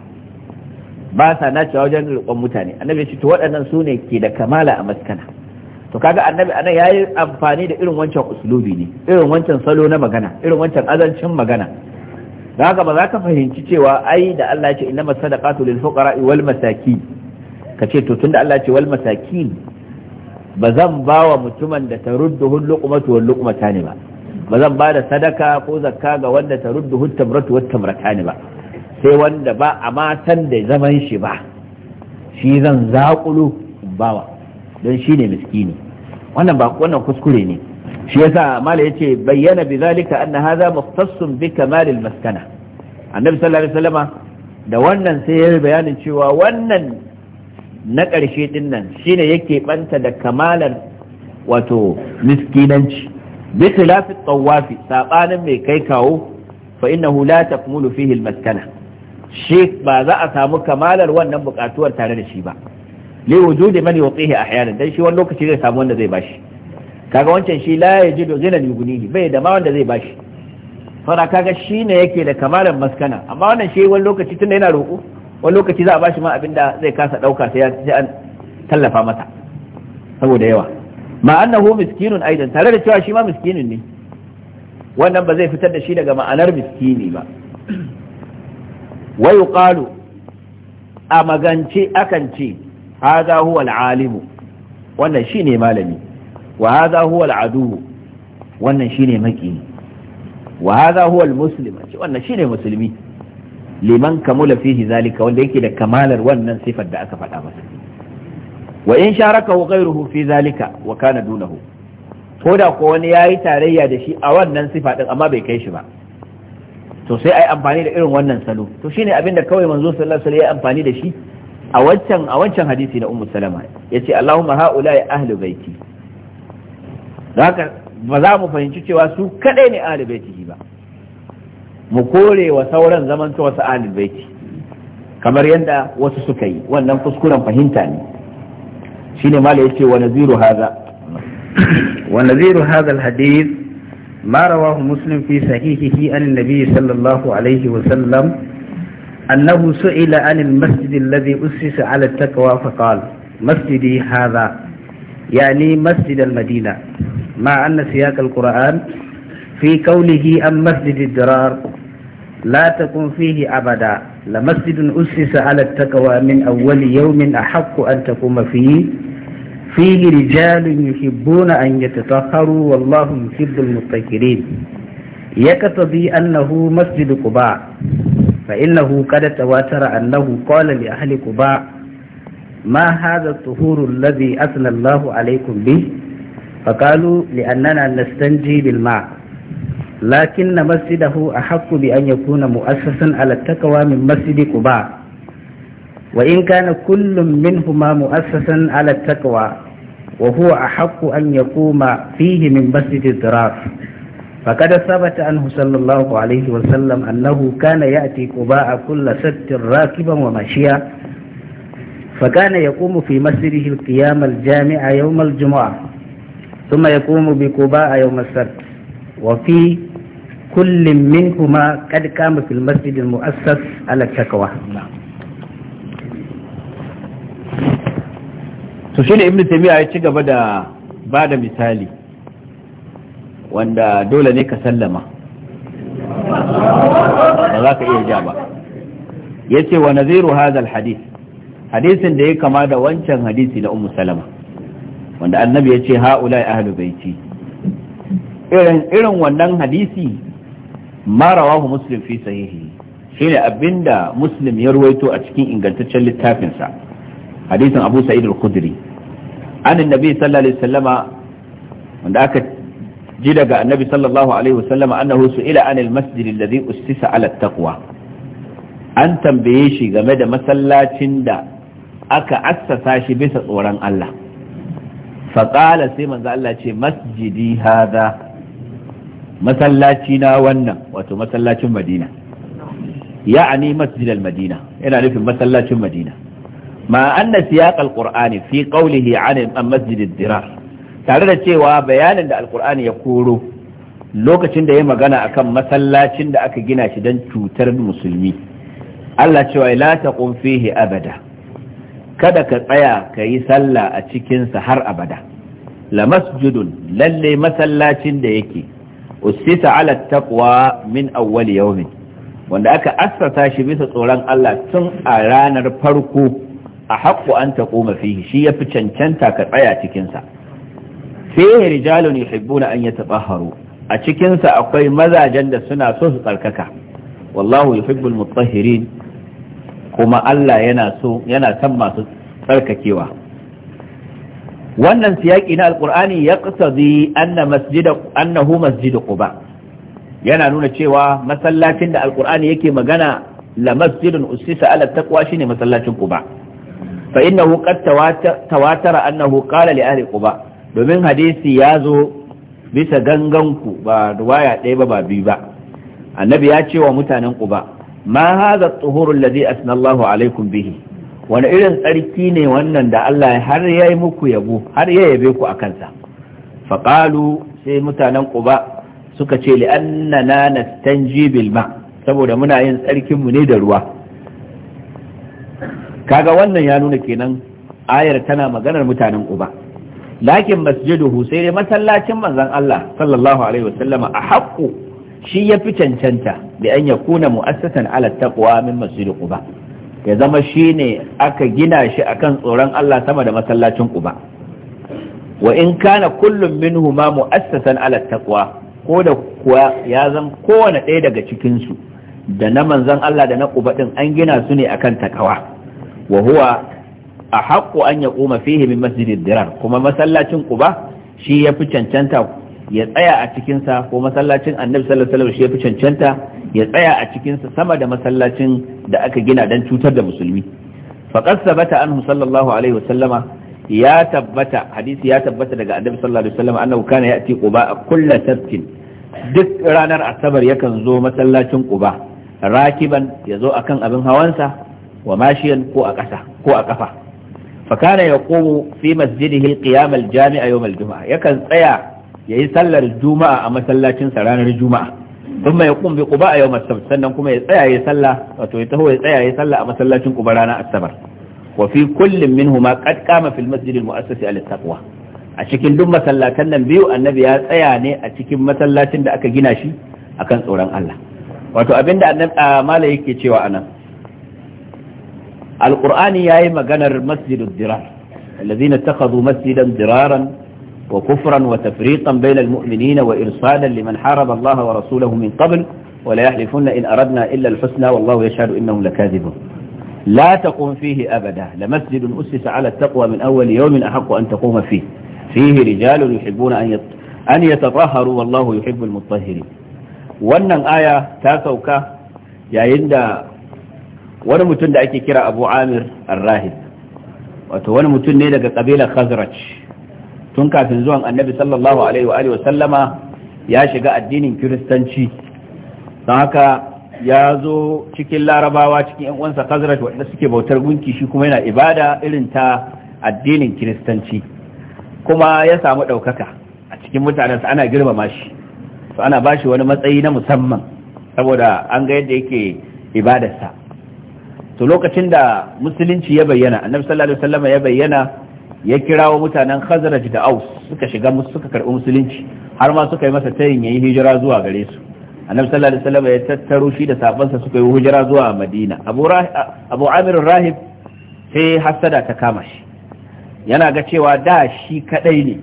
S2: ba sa nacewa wajen roƙon mutane annabi ce to waɗannan su ne ke da kamala a maskana to kaga annabi anan yayi amfani da irin wancan uslubi ne irin wancan salo na magana irin wancan azancin magana da haka ba za ka fahimci cewa ai da Allah ya ce innamas sadaqatu lil fuqara wal masakin ka ce to tunda Allah ce wal masakin ba zan ba wa mutumin da tarudduhu luqmatu wal luqmatani ba ba zan ba da sadaka ko zakka ga wanda tarudduhu tamratu wat tamratani ba sai wanda ba a matan da zaman shi ba shi zan zaƙulu bawa don shi ne miskini wannan ba wannan kuskure ne shi yasa mala yace bayyana bi zalika anna hadha mukhtassun bi kamalil maskana annabi sallallahu alaihi wasallama da wannan sai ya bayanin cewa wannan na ƙarshe ɗin nan shine yake banta da kamalar wato miskinanci lafi tsawafi saɓanin mai kai kawo fa innahu la takmulu fihi almaskana shi ba za a samu kamalar wannan buƙatuwar tare da shi ba li wujudi man yutihi ahyanan dan shi wani lokaci zai samu wanda zai bashi kaga wancan shi la yajidu ghinan yughnihi bai da ma wanda zai bashi saboda kaga shine yake da kamalar maskana amma wannan shi wani lokaci tunda yana roƙo wani lokaci za a bashi ma abin da zai kasa ɗauka sai an tallafa masa saboda yawa ma annahu miskinun aidan tare da cewa shi ma miskinin ne wannan ba zai fitar da shi daga ma'anar miskini ba wa ƙalu, a magance akan ce hadha huwa al-alimu wannan ne malami wa hadha huwa al-adu wannan
S1: shine maki
S2: wa hadha huwa al-muslim wannan shine musulmi liman kamula fihi zalika wanda yake da kamalar wannan sifar da aka faɗa masa wa in sharaka wa ghayruhu fi zalika wa kana dunahu ko da ko wani yayi tarayya da shi a wannan sifa din amma bai kai shi ba to sai ai amfani da irin wannan salo to shine abin da kawai manzo sallallahu alaihi wasallam ya amfani da shi a wancan a wancan hadisi na ummu salama yace allahumma haula ya ahli baiti haka ba za mu fahimci cewa su kadai ne ahli baiti ba mu kore wa sauran zaman cewa su baiti kamar yadda wasu suka yi wannan kuskuren fahimta ne shi ne mala
S1: ya ce wa naziru haza wa naziru haza alhadis ma muslim fi sahihihi an nabi sallallahu alaihi wa sallam annahu su'ila an almasjid alladhi usisa ala taqwa fa qala masjidi hadha yani masjid almadina ma anna siyaq alquran fi kaunihi an masjid ad لا تكن فيه أبدا لمسجد أسس على التقوى من أول يوم أحق أن تقوم فيه فيه رجال يحبون أن يتطهروا والله يحب المتطهرين يقتضي أنه مسجد قباء فإنه قد تواتر أنه قال لأهل قباء ما هذا الطهور الذي أثنى الله عليكم به فقالوا لأننا نستنجي بالماء لكن مسجده أحق بأن يكون مؤسسا على التقوى من مسجد قباء وإن كان كل منهما مؤسسا على التقوى وهو أحق أن يقوم فيه من مسجد الضرار فقد ثبت عنه صلى الله عليه وسلم أنه كان يأتي قباء كل ست راكبا ومشيا فكان يقوم في مسجده القيام الجامع يوم الجمعة ثم يقوم بقباء يوم السبت وفي kullum minhuma qad qama fil masjid al mu'assas ala taqwa to shine ibnu
S2: taymiya ya ci gaba da bada misali wanda dole ne ka sallama
S3: ba za ka iya ja ba
S2: yace wa naziru hadha al hadisin da ya kama da wancan hadisi na ummu salama wanda annabi ya ce irin wannan hadisi ma rawahu muslim fi sahihi shine abinda muslim ya ruwaito a cikin ingantaccen littafinsa hadisin abu sa'id al-khudri anin nabi sallallahu alaihi wanda aka ji daga annabi sallallahu alaihi wasallama annahu su'ila anil masjid alladhi Ustisa ala taqwa an tambaye shi game da masallacin da aka assasa shi bisa tsoron Allah Faƙala sai manzo Allah ce masjidi hada masallaci na wannan wato masallacin madina ya'ani masjid al-madina yana nufin masallacin madina ma anna siyaq al-qur'ani fi qawlihi 'an masjid ad-dirar tare da cewa bayanin da al ya koro lokacin da ya magana akan masallacin da aka gina shi don cutar musulmi Allah cewa la taqum fihi abada kada ka tsaya ka yi sallah a cikinsa har abada la masjidun lalle masallacin da yake usita ala taqwa min awwal yawmin wanda aka assasa shi bisa tsoron Allah tun a ranar farko a haqqu an taquma fihi shi yafi cancanta ka tsaya cikinsa sa fihi rijalun yuhibbuna an ya yatatahharu a cikinsa akwai mazajen da suna so su tsarkaka wallahu yuhibbul mutahhirin kuma Allah yana so yana san masu tsarkakewa wannan siyaki na alkur'ani ya kasazi annahu masjidu quba yana nuna cewa masallacin da alkur'ani yake magana la masjidun usisa ala taqwa shine masallacin quba fa innahu qad tawatara annahu qala li ahli quba domin hadisi ya zo bisa ganganku ba ruwaya ɗaya ba ba biyu ba annabi ya ce wa mutanen quba ma hadha at-tuhuru alladhi asnallahu alaikum bihi wani irin tsarki ne wannan da Allah har ya yi muku yabo har ya yabe ku a kansa faƙalu sai mutanen ƙuba suka ce li'annana nastanji bil ma saboda muna yin tsarkinmu ne da ruwa kaga wannan ya nuna kenan ayar tana maganar mutanen ƙuba lakin masjiduhu sai dai masallacin manzon Allah sallallahu alaihi wasallama a haƙƙo shi ya fi cancanta da an yakuna mu'assasan ala taqwa min masjidu quba ya zama shi ne aka gina shi a kan tsoron Allah sama da masallacin uba wa in kana kullum min minhuma mu'assasan ala taqwa ko da kuwa ya zan kowane ɗaya daga cikinsu, da na manzon Allah da na kuba ɗin an gina su ne akan takawa wa huwa a haƙƙo an ya ƙoma fihe min masjidin dirar kuma masallacin uba shi ya fi cancanta ya tsaya a cikinsa ko masallacin annabi sallallahu alaihi shi ya fi cancanta ya tsaya a cikinsa sama da masallacin da aka gina don cutar da musulmi faqad sabata anhu sallallahu alaihi wasallama ya tabbata hadisi ya tabbata daga annabi sallallahu alaihi wasallama annahu kana ya'ti quba kullu sabtin duk ranar asabar yakan zo masallacin quba rakiban ya zo akan abin hawansa wa mashiyan ko a ƙasa ko a ƙafa fa kana yaqumu fi masjidihi al-qiyam jamia yawm al yakan tsaya yayi sallar juma'a a masallacin sa ranar juma'a kuma ya kumbi quba a yawmat sabt sannan kuma ya tsaya sallah wato ya taho ya tsaya ya sallah a masallacin ba ranar asabar wa fi min minhuma qad qama fil masjid al mu'assis al taqwa a cikin duk masallatan nan biyu annabi ya tsaya ne a cikin masallacin da aka gina shi akan tsoron Allah wato abinda annabi mala yake cewa anan alqur'ani yayi maganar masjidud dirar الذين اتخذوا مسجدا ضرارا وكفرا وتفريقا بين المؤمنين وإرصادا لمن حارب الله ورسوله من قبل ولا يحلفن إن أردنا إلا الحسنى والله يشهد إنهم لكاذبون لا تقوم فيه أبدا لمسجد أسس على التقوى من أول يوم أحق أن تقوم فيه فيه رجال يحبون أن أن يتطهروا والله يحب المطهرين wannan aya ta sauka yayin da wani mutum da ake kira abu amir al-rahib wato wani mutum ne daga kabilar khazraj tun kafin zuwan annabi sallallahu alaihi wa alihi sallama ya shiga addinin kiristanci don haka ya zo cikin larabawa cikin yan uwansa khazraj wanda suke bautar gunki shi kuma yana ibada irin ta addinin kiristanci kuma ya samu ɗaukaka a cikin mutanen sa ana girmama shi to ana ba shi wani matsayi na musamman saboda an ga yadda yake ibadarsa to lokacin da musulunci ya bayyana annabi sallallahu alaihi wasallam ya bayyana ya kirawo mutanen khazraj da aus suka shiga suka karbi musulunci har ma suka yi masa tayin yayi hijira zuwa gare su annabi sallallahu alaihi wasallam ya tattaro shi da sabansa suka yi hijira zuwa madina abu amir rahib sai hasada ta kama shi yana ga cewa da shi kadai ne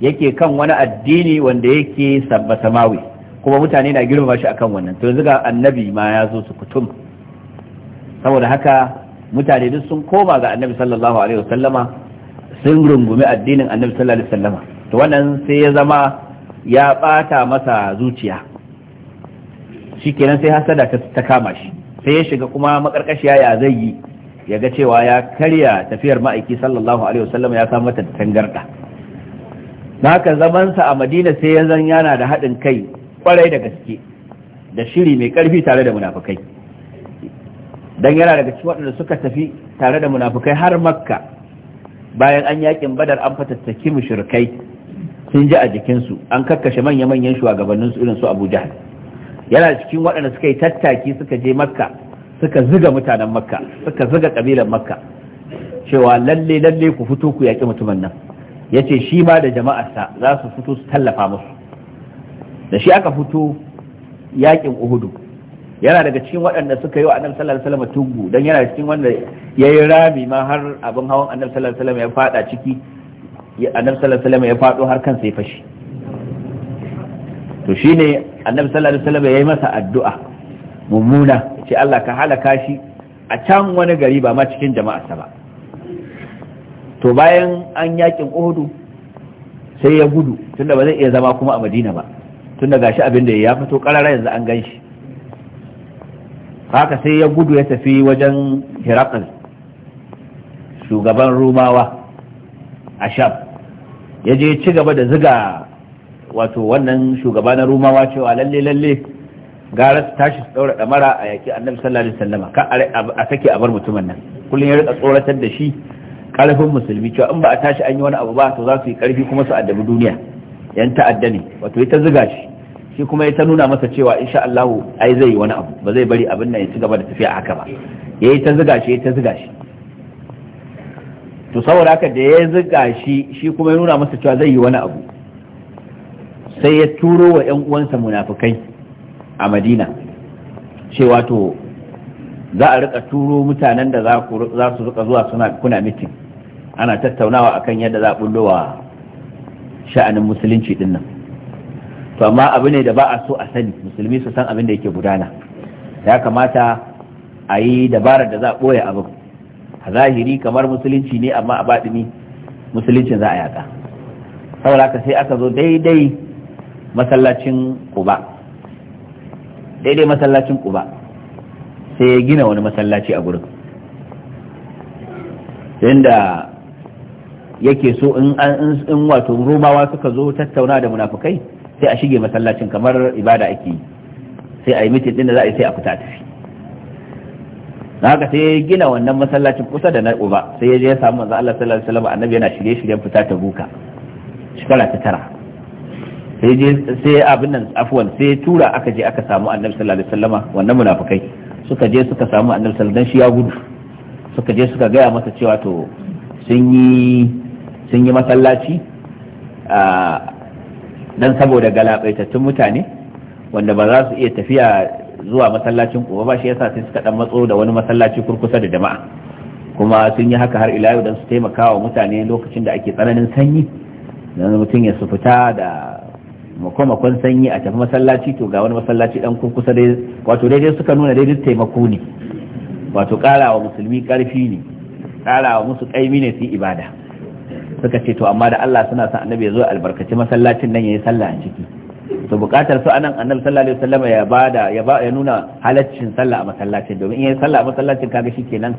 S2: yake kan wani addini wanda yake sabba samawi kuma mutane na girmama shi akan wannan to yanzu ga annabi ma ya zo su kutum saboda haka mutane duk sun koma ga annabi sallallahu alaihi wasallama sun rungumi addinin annabi sallallahu alaihi wasallama to wannan sai ya zama ya bata masa zuciya shikenan sai hasada ta kama shi sai ya shiga kuma makarkashiya ya zai yi ya ga cewa ya karya tafiyar ma'aiki sallallahu alaihi wasallama ya samu mata tangarda haka zamansa a madina sai ya zan yana da haɗin kai kwarai da gaske da shiri mai ƙarfi tare da munafukai don yana daga cikin waɗanda suka tafi tare da munafukai har makka bayan an yakin badar an fatattaki mushrikai sun ji a jikinsu an kakkashe manya-manyan shugabannin su irin su abu yana cikin waɗanda suka yi tattaki suka je makka suka ziga mutanen makka suka ziga ƙabilan makka cewa lalle lalle ku fito ku yaƙi mutumin nan ya ce shi ma da jama'arsa za su fito su tallafa musu da shi aka fito yaƙin uhudu yana daga cikin waɗanda suka yi wa annabi sallallahu alaihi wasallam tungu dan yana cikin wanda yayi rami ma har abin hawan annabi sallallahu alaihi wasallam ya fada ciki annabi sallallahu alaihi wasallam ya fado har kansa ya fashi to shine annabi sallallahu alaihi wasallam yayi masa addu'a mummuna ce Allah ka halaka shi a can wani gari ba ma cikin jama'a ba to bayan an yakin Uhudu sai ya gudu tunda ba zai iya zama kuma a Madina ba tunda gashi abin da ya fito karara yanzu an ganshi haka sai ya gudu ya tafi wajen Herakl shugaban Rumawa a Sham ya je ci gaba da ziga wato wannan shugaba na Rumawa cewa lalle lalle gara su tashi su daura damara a yaki Annabi sallallahu alaihi kan a sake a bar mutumin nan Kullum ya rika tsoratar da shi karfin musulmi cewa in ba a tashi an yi wani abu ba to za su yi karfi kuma su addabi duniya yan ta'adda ne wato ita ziga shi shi kuma ya ta nuna masa cewa insha Allah ai zai yi wani abu ba zai bari abin nan ya ci gaba da tafiya haka ba yayi ta ziga shi ya ta ziga shi to saboda haka da ya ziga shi shi kuma ya nuna masa cewa zai yi wani abu sai ya turo wa 'yan uwansa munafikai a Madina cewa to za a rika turo mutanen da za su rika zuwa suna kuna mitin ana tattaunawa akan yadda za a bullo wa sha'anin musulunci dinnan. to amma abu ne da ba a so a sani musulmi su san abin da yake gudana ya kamata a yi dabarar da za a ɓoye abin a zahiri kamar musulunci ne amma a baɗini musuluncin za a yaƙa saboda haka sai aka zo daidai masallacin kuba daidai masallacin kuba sai ya gina wani masallaci a gurin inda yake so in wato romawa suka zo tattauna da munafukai sai a shige masallacin kamar ibada ake yi sai a yi mitin din da za a yi sai a fita tafi haka sai ya gina wannan masallacin kusa da na uba sai ya je ya samu manzo Allah sallallahu alaihi wasallam annabi yana shirye shiryen fita ta buka shekara ta tara sai je sai abin nan afwan sai tura aka je aka samu annabi sallallahu alaihi wasallama wannan munafikai suka je suka samu annabi sallallahu alaihi wasallam shi ya gudu suka je suka gaya masa cewa to sun yi sun yi masallaci ah, dan saboda galabaitattun mutane wanda ba za su iya tafiya zuwa masallacin kuwa ba shi yasa sai suka dan matso da wani masallaci kurkusa da jama'a kuma sun yi haka har ila yau dan su taimaka wa mutane lokacin da ake tsananin sanyi dan mutum ya su fita da makomakon sanyi a tafi masallaci to ga wani masallaci dan kurkusa dai wato daidai suka nuna daidai taimako ne wato karawa musulmi karfi ne karawa musu kaimi ne su ibada suka ce to amma da Allah suna son annabi ya zo albarkaci masallacin nan yayi sallah a ciki to bukatar su anan annabi sallallahu alaihi wasallam ya bada ya ba ya nuna halaccin sallah a masallacin domin in yayi sallah a masallacin kaga shikenan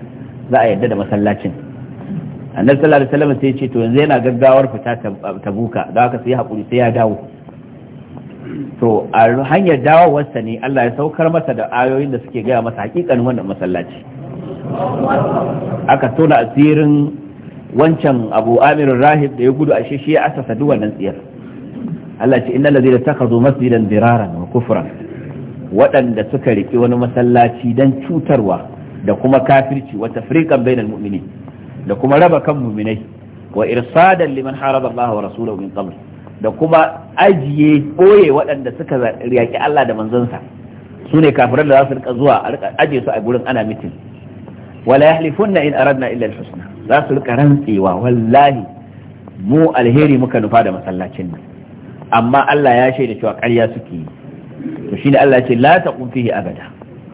S2: za a yadda da masallacin annabi sallallahu alaihi wasallam sai ya ce to yanzu yana gaggawar fita ta buka da haka sai ya hakuri sai ya dawo to a hanyar dawowarsa ne Allah ya saukar masa da ayoyin da suke gaya masa hakikanin wannan masallaci aka tona asirin wancan abu amirin rahib da ya gudu a shi ya asasa duk wannan tsiyar Allah ce innal ladina takhadhu masjidan diraran wa kufran waɗanda suka riki wani masallaci dan cutarwa da kuma kafirci wa tafriqan bainal mu'minin da kuma raba kan mu'minai wa irsadan liman harada Allah wa rasulahu min qabl da kuma ajiye boye waɗanda suka yaki Allah da manzansa su ne kafiran da za su rika zuwa a rika aje su a gurin ana mitin wala yahlifunna in aradna illa al-husna za su rika rantsewa wallahi mu alheri muka nufa da masallacin nan amma Allah ya shaida cewa ƙarya suke yi to shine Allah ya ce la taqum fihi abada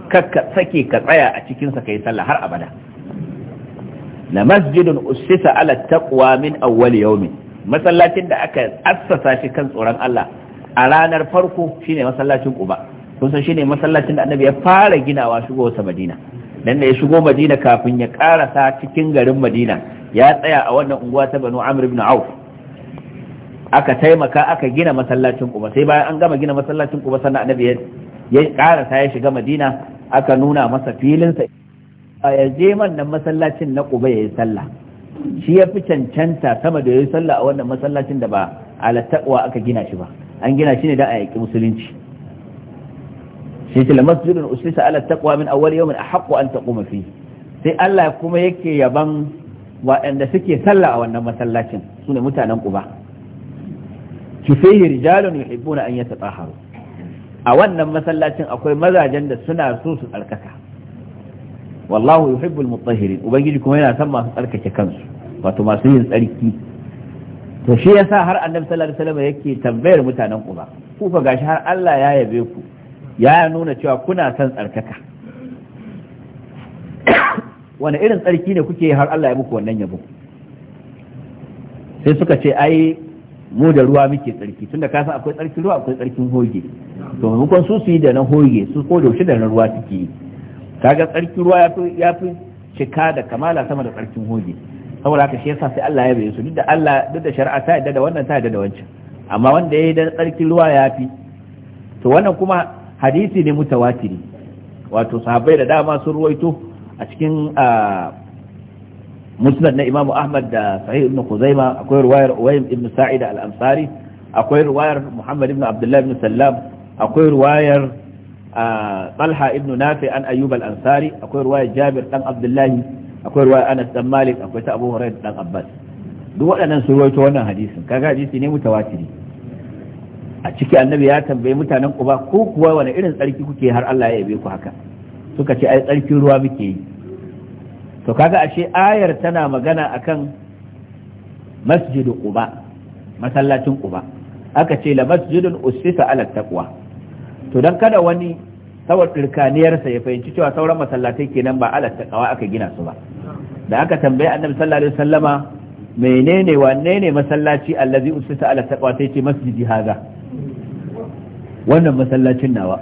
S2: kakka sake ka tsaya a cikin sa kai sallah har abada la masjidun ussisa ala taqwa min awwal yawmin masallacin da aka assasa shi kan tsoron Allah a ranar farko shine masallacin Quba kun san shine masallacin da Annabi ya fara ginawa shigo ta Madina nan ne ya shigo madina kafin ya karasa cikin garin madina ya tsaya a wannan unguwa ta banu amr ibn auf aka taimaka aka gina masallacin kuma sai bayan an gama gina masallacin kuma sannan annabi ya karasa ya shiga madina aka nuna masa filinsa a yaje je nan masallacin na kuba yayi sallah shi ya fi cancanta sama da ya sallah a wannan masallacin da ba ala taqwa aka gina shi ba an gina shi ne da a yaki musulunci shi ce masjidun usisa ala taqwa min awwal yawmin ahqqu an taquma fi sai Allah kuma yake yaban waɗanda suke sallah a wannan masallacin sune mutanen Quba ki fihi rijalun yuhibbuna an yatatahharu a wannan masallacin akwai mazajen da suna so su tsarkaka wallahu yuhibbul mutahhirin ubangiji kuma yana son masu tsarkake kansu wato masu yin tsarki to shi yasa har annabi sallallahu alaihi wasallam yake tambayar mutanen Quba ku fa gashi har Allah ya yabe ku ya nuna cewa kuna son tsarkaka wani irin tsarki ne kuke har Allah ya muku wannan yabo sai suka ce ai mu da ruwa muke tsarki tunda ka san akwai tsarkin ruwa akwai tsarkin hoge to maimakon su su yi da na hoge su ko da da na ruwa suke yi kaga tsarkin ruwa ya fi cika da kamala sama da tsarkin hoge saboda haka shi yasa sai Allah ya bayyana su duk da Allah duk da shari'a ta yadda da wannan ta yadda da wancan amma wanda ya yi da tsarkin ruwa ya fi to wannan kuma hadisi ne mutawatiri wato sahabbai da dama sun ruwaito a cikin musnad na imamu ahmad da sahih ibn kuzaima akwai ruwayar uwaym ibn sa'id al-ansari akwai ruwayar muhammad ibn abdullah ibn sallam akwai ruwayar talha ibn nafi an ayyub al-ansari akwai ruwayar jabir dan abdullahi akwai ruwayar anas dan malik akwai ta abu hurairah dan abbas duk waɗannan sun ruwaito wannan hadisin kaga hadisi ne mutawatiri a ciki annabi ya tambaye mutanen ba ko kuwa wani irin tsarki kuke har Allah ya yabe ku haka suka ce ai tsarkin ruwa muke yi to kaga ashe ayar tana magana akan masjidu quba masallacin quba aka ce la masjidun usisa ala taqwa to dan kada wani sawar sa ya fahimci cewa sauran masallatai kenan ba ala taqwa aka gina su ba da aka tambaye annabi sallallahu alaihi wasallama menene wanne ne masallaci allazi usisa ala taqwa sai ce masjidi haza wannan masallacin nawa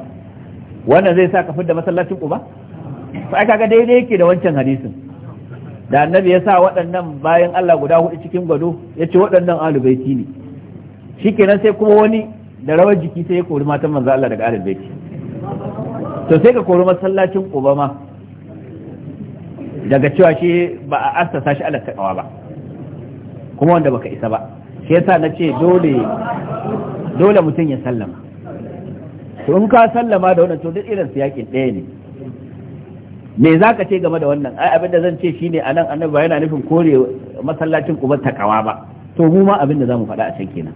S2: wannan zai sa ka fidda masallacin uba sai kaga daidai yake da wancan hadisin da annabi ya sa waɗannan bayan Allah guda hudu cikin gado ya ce waɗannan alubaiti ne shikenan sai kuma wani da rawar jiki sai ya kori matan manzo Allah daga alubaiti to sai ka kori masallacin uba ma daga cewa shi ba a assasa shi ta takawa ba kuma wanda baka isa ba shi yasa na ce dole dole mutum ya sallama to in ka sallama da wannan to duk irin su yakin ɗaya ne me za ka ce game da wannan ai abin da zan ce shine anan annabi ba yana nufin kore masallacin kubar takawa ba to mu ma abin da zamu faɗa a can kenan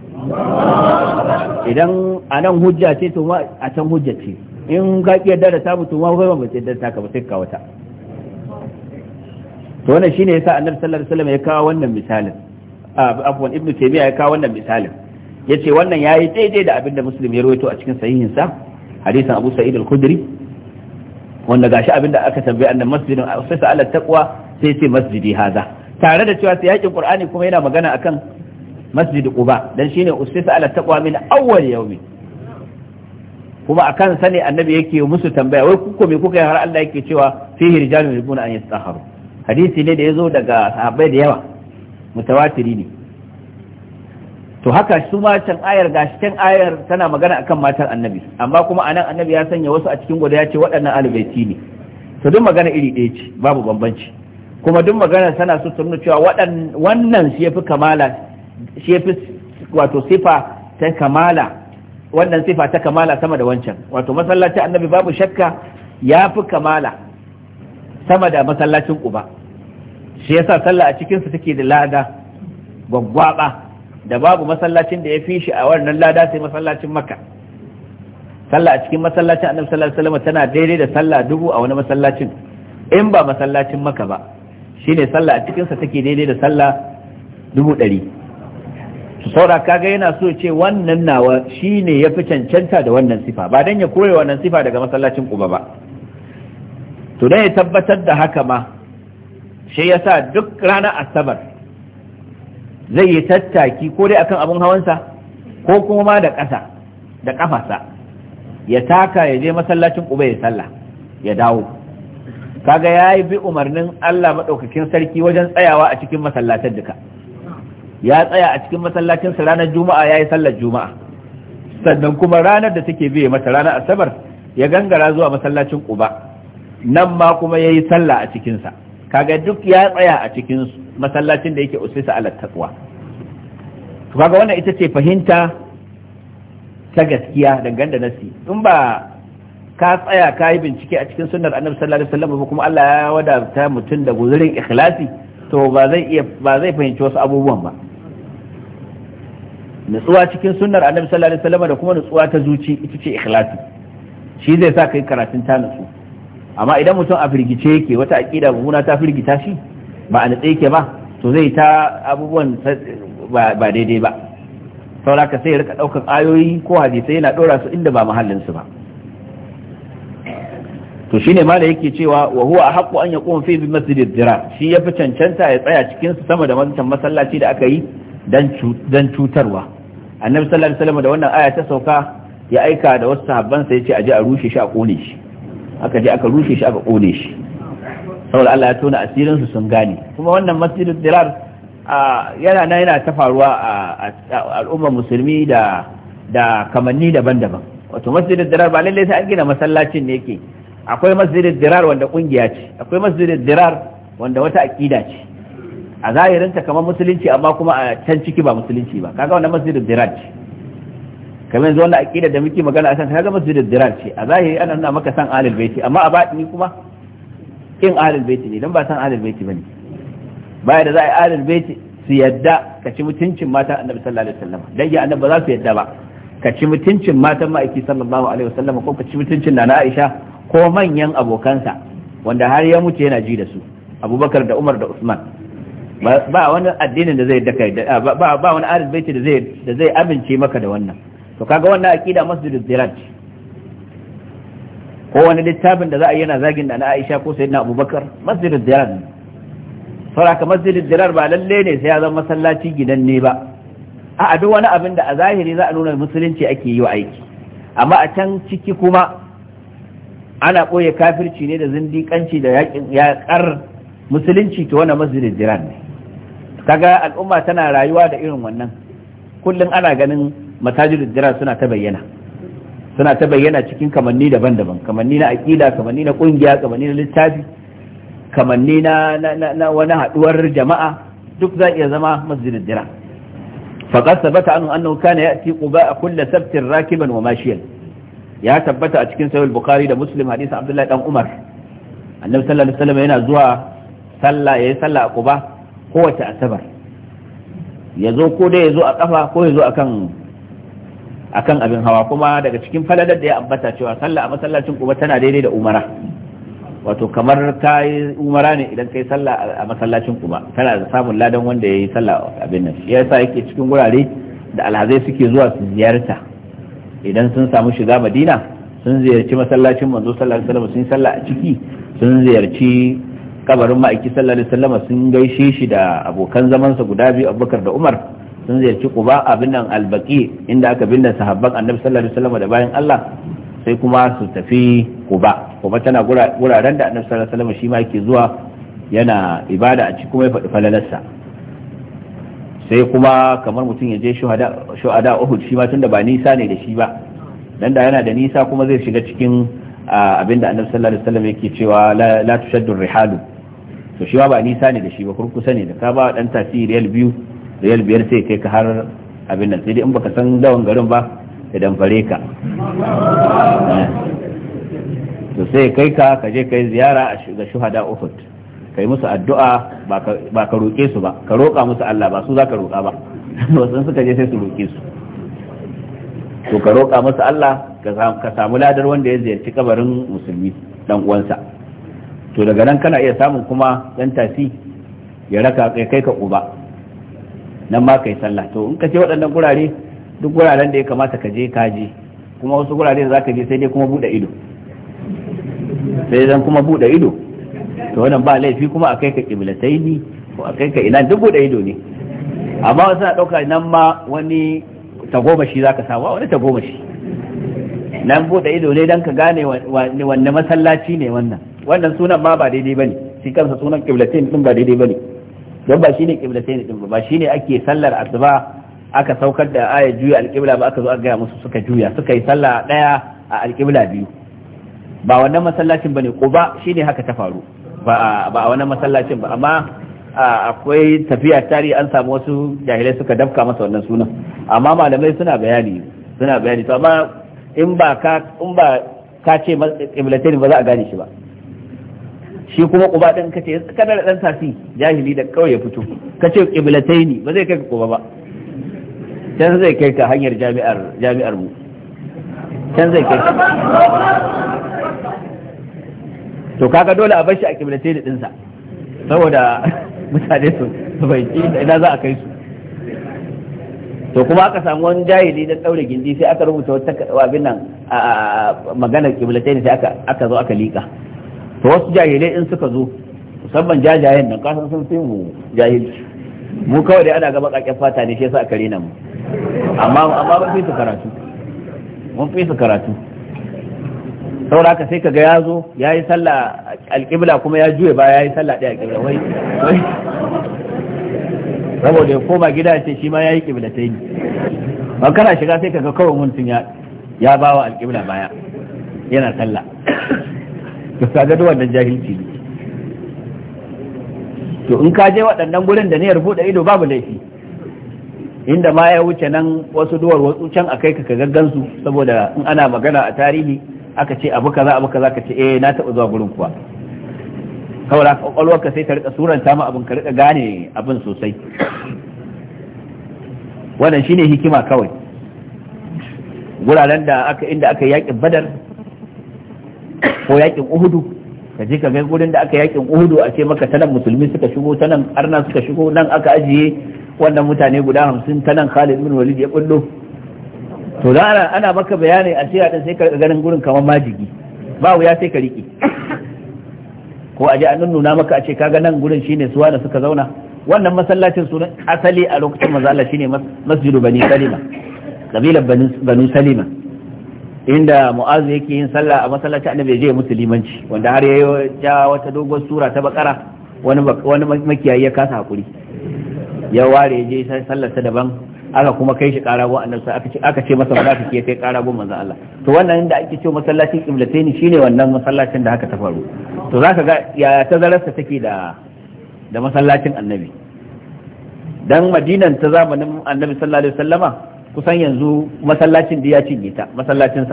S2: idan anan hujja ce to ma a can hujja ce in ka ki yarda da ta to ma ba ba ce da taka ba sai ka wata to wannan shine yasa annabi sallallahu alaihi wasallam ya kawo wannan misalin A ah, afwan ibnu taymiya ya kawo wannan misalin Ya ce wannan ya yi daidai da abinda muslim ya rawaito a cikin sahihin Hadisan abu sa'id al-khudri wanda gashi abinda aka tambaye annan masjidin sai sa ala taqwa sai ce masjidi haza tare da cewa sai yakin qur'ani kuma yana magana akan masjid quba dan shine usisa ala taqwa min awwal yawmi kuma akan sani annabi yake musu tambaya wai kuka me kuka yi har Allah yake cewa fihi rijalun yuhibbuna an yastaharu hadisi ne da yazo daga sahabbai da yawa mutawatiri ne to haka su ma can ayar shi can ayar tana magana akan matan annabi amma kuma anan annabi ya sanya wasu a cikin guda ya ce waɗannan alibaiti ne to duk magana iri ɗaya ce babu bambanci kuma duk magana tana so ta nuna cewa wannan shi yafi kamala shi yafi wato sifa ta kamala wannan sifa ta kamala sama da wancan wato masallacin annabi babu shakka ya fi kamala sama da masallacin uba shi yasa sallah a cikinsa take da lada gwaggwaba da babu masallacin da ya fi shi a wannan lada sai masallacin makka sallah a cikin masallacin annabi sallallahu alaihi wasallam tana daidai da sallah dubu a wani masallacin in ba masallacin maka ba shine sallah a cikin sa take daidai da sallah dubu ɗari saura kaga yana so ce wannan nawa shine ya fi cancanta da wannan sifa ba dan ya kore wannan sifa daga masallacin kuba ba to dan ya tabbatar da haka ma shi yasa duk ranar asabar zai yi tattaki ko dai akan abin hawansa ko kuma ma da ƙasa da ƙafasa ya taka ya je masallacin ƙuba ya sallah ya dawo kaga ya yi bi umarnin Allah maɗaukakin sarki wajen tsayawa a cikin masallacin duka ya tsaya a cikin masallacin sa ranar juma'a ya yi sallar juma'a sannan kuma ranar da take biye mata ranar asabar ya gangara zuwa masallacin ƙuba nan ma kuma ya yi sallah a cikinsa kaga duk ya tsaya a cikin masallacin da yake usisa ala taqwa to kaga wannan ita ce fahimta ta gaskiya dangane da nasi in ba ka tsaya ka yi bincike a cikin sunnar annabi sallallahu alaihi wasallam kuma Allah ya wadata mutum da guzurin ikhlasi to ba zai iya ba zai fahimci wasu abubuwan ba nutsuwa cikin sunnar annabi sallallahu alaihi wasallam da kuma nutsuwa ta zuci ita ce ikhlasi shi zai sa kai karatun ta nutsu amma idan mutum a firgice yake wata aƙida buguna ta firgita shi ba a natsa yake ba to zai ta abubuwan ba daidai ba sauraka sai rika ɗaukar ayoyi ko hadisai yana ɗora su inda ba mahallinsu ba to shi ne mala yake cewa wa huwa haƙƙo an yaqum fi masu masjidid dira shi fi cancanta ya tsaya cikin su sama da wancan masallaci da aka yi don cutarwa annabi sallallahu alaihi da wannan aya ta sauka ya aika da wasu ya ce a je a rushe shi a kone shi aka je aka rushe shi aka kone shi saboda Allah ya tona asirin su sun gane kuma wannan masjidul dirar yana na yana ta faruwa a al'ummar musulmi da da kamanni daban-daban wato masjidul dirar ba lallai sai an gina masallacin ne yake akwai masjidul dirar wanda kungiya ce akwai masjidul dirar wanda wata aƙida ce a zahirinta kamar musulunci amma kuma a can ciki ba musulunci ba kaga wannan masjidul dirar ce kamar yanzu wanda aqida da muke magana a ka kaga masjidul dirar ce a zahiri ana nuna maka san ahlul baiti amma a batini kuma kin ahlul baiti ne dan ba san ahlul baiti bane baya da za a yi ahlul baiti su yadda ka ci mutuncin mata annabi sallallahu alaihi wasallam dan ya annabi ba za su yadda ba ka ci mutuncin matan ma'aiki sallallahu alaihi wasallam ko ka ci mutuncin nana Aisha ko manyan abokansa wanda har ya mutu yana ji da su Abubakar da Umar da Usman ba wani addinin da zai ba wani ahlul baiti da zai da zai amince maka da wannan to kaga wannan aqida masjidul zirat ko wani littafin da za a yi yana zagin da na Aisha ko sayyidina Abubakar masjidul zirat ka masjidul zirat ba lalle ne sai ya zama masallaci gidan ne ba a duk wani abin da a zahiri za a nuna musulunci ake yi wa aiki amma a can ciki kuma ana koye kafirci ne da zindiƙanci da yaƙar musulunci ta wani masjidin zirat ne kaga al'umma tana rayuwa da irin wannan kullum ana ganin matajidul jira suna ta bayyana suna ta bayyana cikin kamanni daban-daban kamanni na aƙida kamanni na ƙungiya kamanni na littafi kamanni na na wani haɗuwar jama'a duk za iya zama masjidul jira faqad sabata anhu annahu kana ya'ti quba kulli sabtin rakiban wa mashiyan ya tabbata a cikin sahih bukhari da muslim hadisin abdullahi dan umar annabi sallallahu alaihi wasallam yana zuwa sallah yayi sallah a quba kowace asabar ya zo ko dai ya zo a kafa ko ya zo akan akan abin hawa kuma daga cikin falalar da ya ambata cewa sallah a masallacin kuma tana daidai da umara wato kamar ka yi umara ne idan ka yi sallah a masallacin kuma tana da samun ladan wanda ya yi sallah abin nan ya sa yake cikin wurare da alhazai suke zuwa su ziyarta idan sun samu shiga madina sun ziyarci masallacin manzo sallallahu alaihi wasallam sun sallah a ciki sun ziyarci kabarin ma'aiki sallallahu alaihi wasallam sun gaishe shi da abokan zamansa guda biyu abubakar da umar sun ziyarci kuba abin nan albaki inda aka binne sahabban annabi sallallahu alaihi wasallam da bayan Allah sai kuma su tafi kuba kuma tana guraren da annabi sallallahu alaihi wasallam shi ma yake zuwa yana ibada a cikin kuma ya faɗi falalarsa sai kuma kamar mutum ya je shuhada uhud shi ma tunda ba nisa ne da shi ba dan da yana da nisa kuma zai shiga cikin abinda annabi sallallahu alaihi wasallam yake cewa la tushaddu rihalu to shi ba nisa ne da shi ba kurkusa ne da ka ba dan tasiri riyal biyu riyal biyar sai kai ka har abin nan sai dai in baka san dawon garin ba ya damfare ka eh. to sai kai ka ka je kai ziyara ga shuhada uhud kai musu addu'a ba ka roƙe su ba ka roƙa musu Allah ba su za ka roƙa ba wasu suka je sai su roƙe su to ka roƙa musu Allah ka samu ladar wanda ya ziyarci kabarin musulmi dan uwansa to daga nan kana iya samun kuma dan tasi ya raka kai kai ka uba nan ma kai sallah to in ka je waɗannan gurare duk guraren da ya kamata ka je ka je kuma wasu gurare za ka je sai dai kuma buɗe ido sai zan kuma buɗe ido to wannan ba laifi kuma a kai ka ni ko a kai ka ina duk buɗe ido ne amma wasu na ɗauka nan ma wani tagomashi za ka samu wani tagomashi nan buɗe ido ne don ka gane wanne masallaci ne wannan wannan sunan ma ba daidai ba ne shi kansa sunan kiblatin ɗin ba daidai ba ne don ba shine qiblatain din ba shine ake sallar asuba aka saukar da aya juya alqibla ba aka zo aka gaya musu suka juya suka yi sallah daya a alqibla biyu ba wannan masallacin bane ba shine haka ta faru ba a wannan masallacin ba amma akwai tafiya tarihi an samu wasu jahilai suka dafka masa wannan sunan amma malamai suna bayani suna bayani to amma in ba ka in ba ka ce ba za a gane shi ba shi kuma quba din ka kana da dan tasi jahili da kawai ya fito Ka kace qiblataini ba zai kai ka quba ba can zai kai ka hanyar jami'ar jami'ar mu can zai kai ka to kaga dole a bar shi a qiblataini din sa saboda mutane su bai ina za a kai su to kuma aka samu wani jahili na daure gindi sai aka rubuta wata abin nan a maganar kiblatai sai aka zo aka liƙa to wasu jahilai in suka zo musamman jajayen nan kasan sun fi mu jahilci mu kawai dai ana gaba kakken fata ne shi yasa aka rena mu amma amma mun fi su karatu mun fi su karatu saboda haka sai kaga ya zo ya yi sallah alƙibla kuma ya juye ba ya yi sallah ɗaya alƙibla wai wai saboda ko ba gida ce shi ma ya yi ƙibla ta yi ba kana shiga sai kaga kawai mun ya ya bawa alƙibla baya yana sallah Ka kaga da wannan jahilci ne to in ka je waɗannan gurin da niyyar buɗe ido babu laifi inda ma ya wuce nan wasu duwar wasu can a kai ka gaggansu saboda in ana magana a tarihi aka ce abu kaza abu kaza ka ce eh na taɓa zuwa gurin kuwa saboda kwakwalwarka sai ta rika suranta ma abin ka rika gane abin sosai wannan shine hikima kawai guraren da aka inda aka yaƙi badar ko yakin uhudu ka je ka ga gurin da aka yakin uhudu a ce maka tanan musulmi suka shigo tanan arna suka shigo nan aka ajiye wannan mutane guda hamsin tanan khalid bin walid ya bullo to da ana, ana maka bayani a cewa dan sai ka ganin gurin kamar majigi ba ya sai ka rike ko a an nuna maka a ce kaga nan gurin shine suwa da suka zauna wannan masallacin sunan asali a lokacin manzo Allah shine masjidu bani salima kabilar banu salima inda mu'az yake yin sallah a masallaci annabi je musulmanci wanda har ya ja wata dogon sura ta bakara wani wani makiyayi ya kasa hakuri ya ware ya je sallar ta daban aka kuma kai shi kara gon annabi aka ce aka ce masa wanda ya kai kara gon Allah to wannan inda ake ce masallacin qiblataini shine wannan masallacin da haka ta faru to zaka ga ya tazararsa take da da masallacin annabi dan madinan ta zamanin annabi sallallahu alaihi wasallama kusan yanzu masallacin da ya cinye ta masallacinsa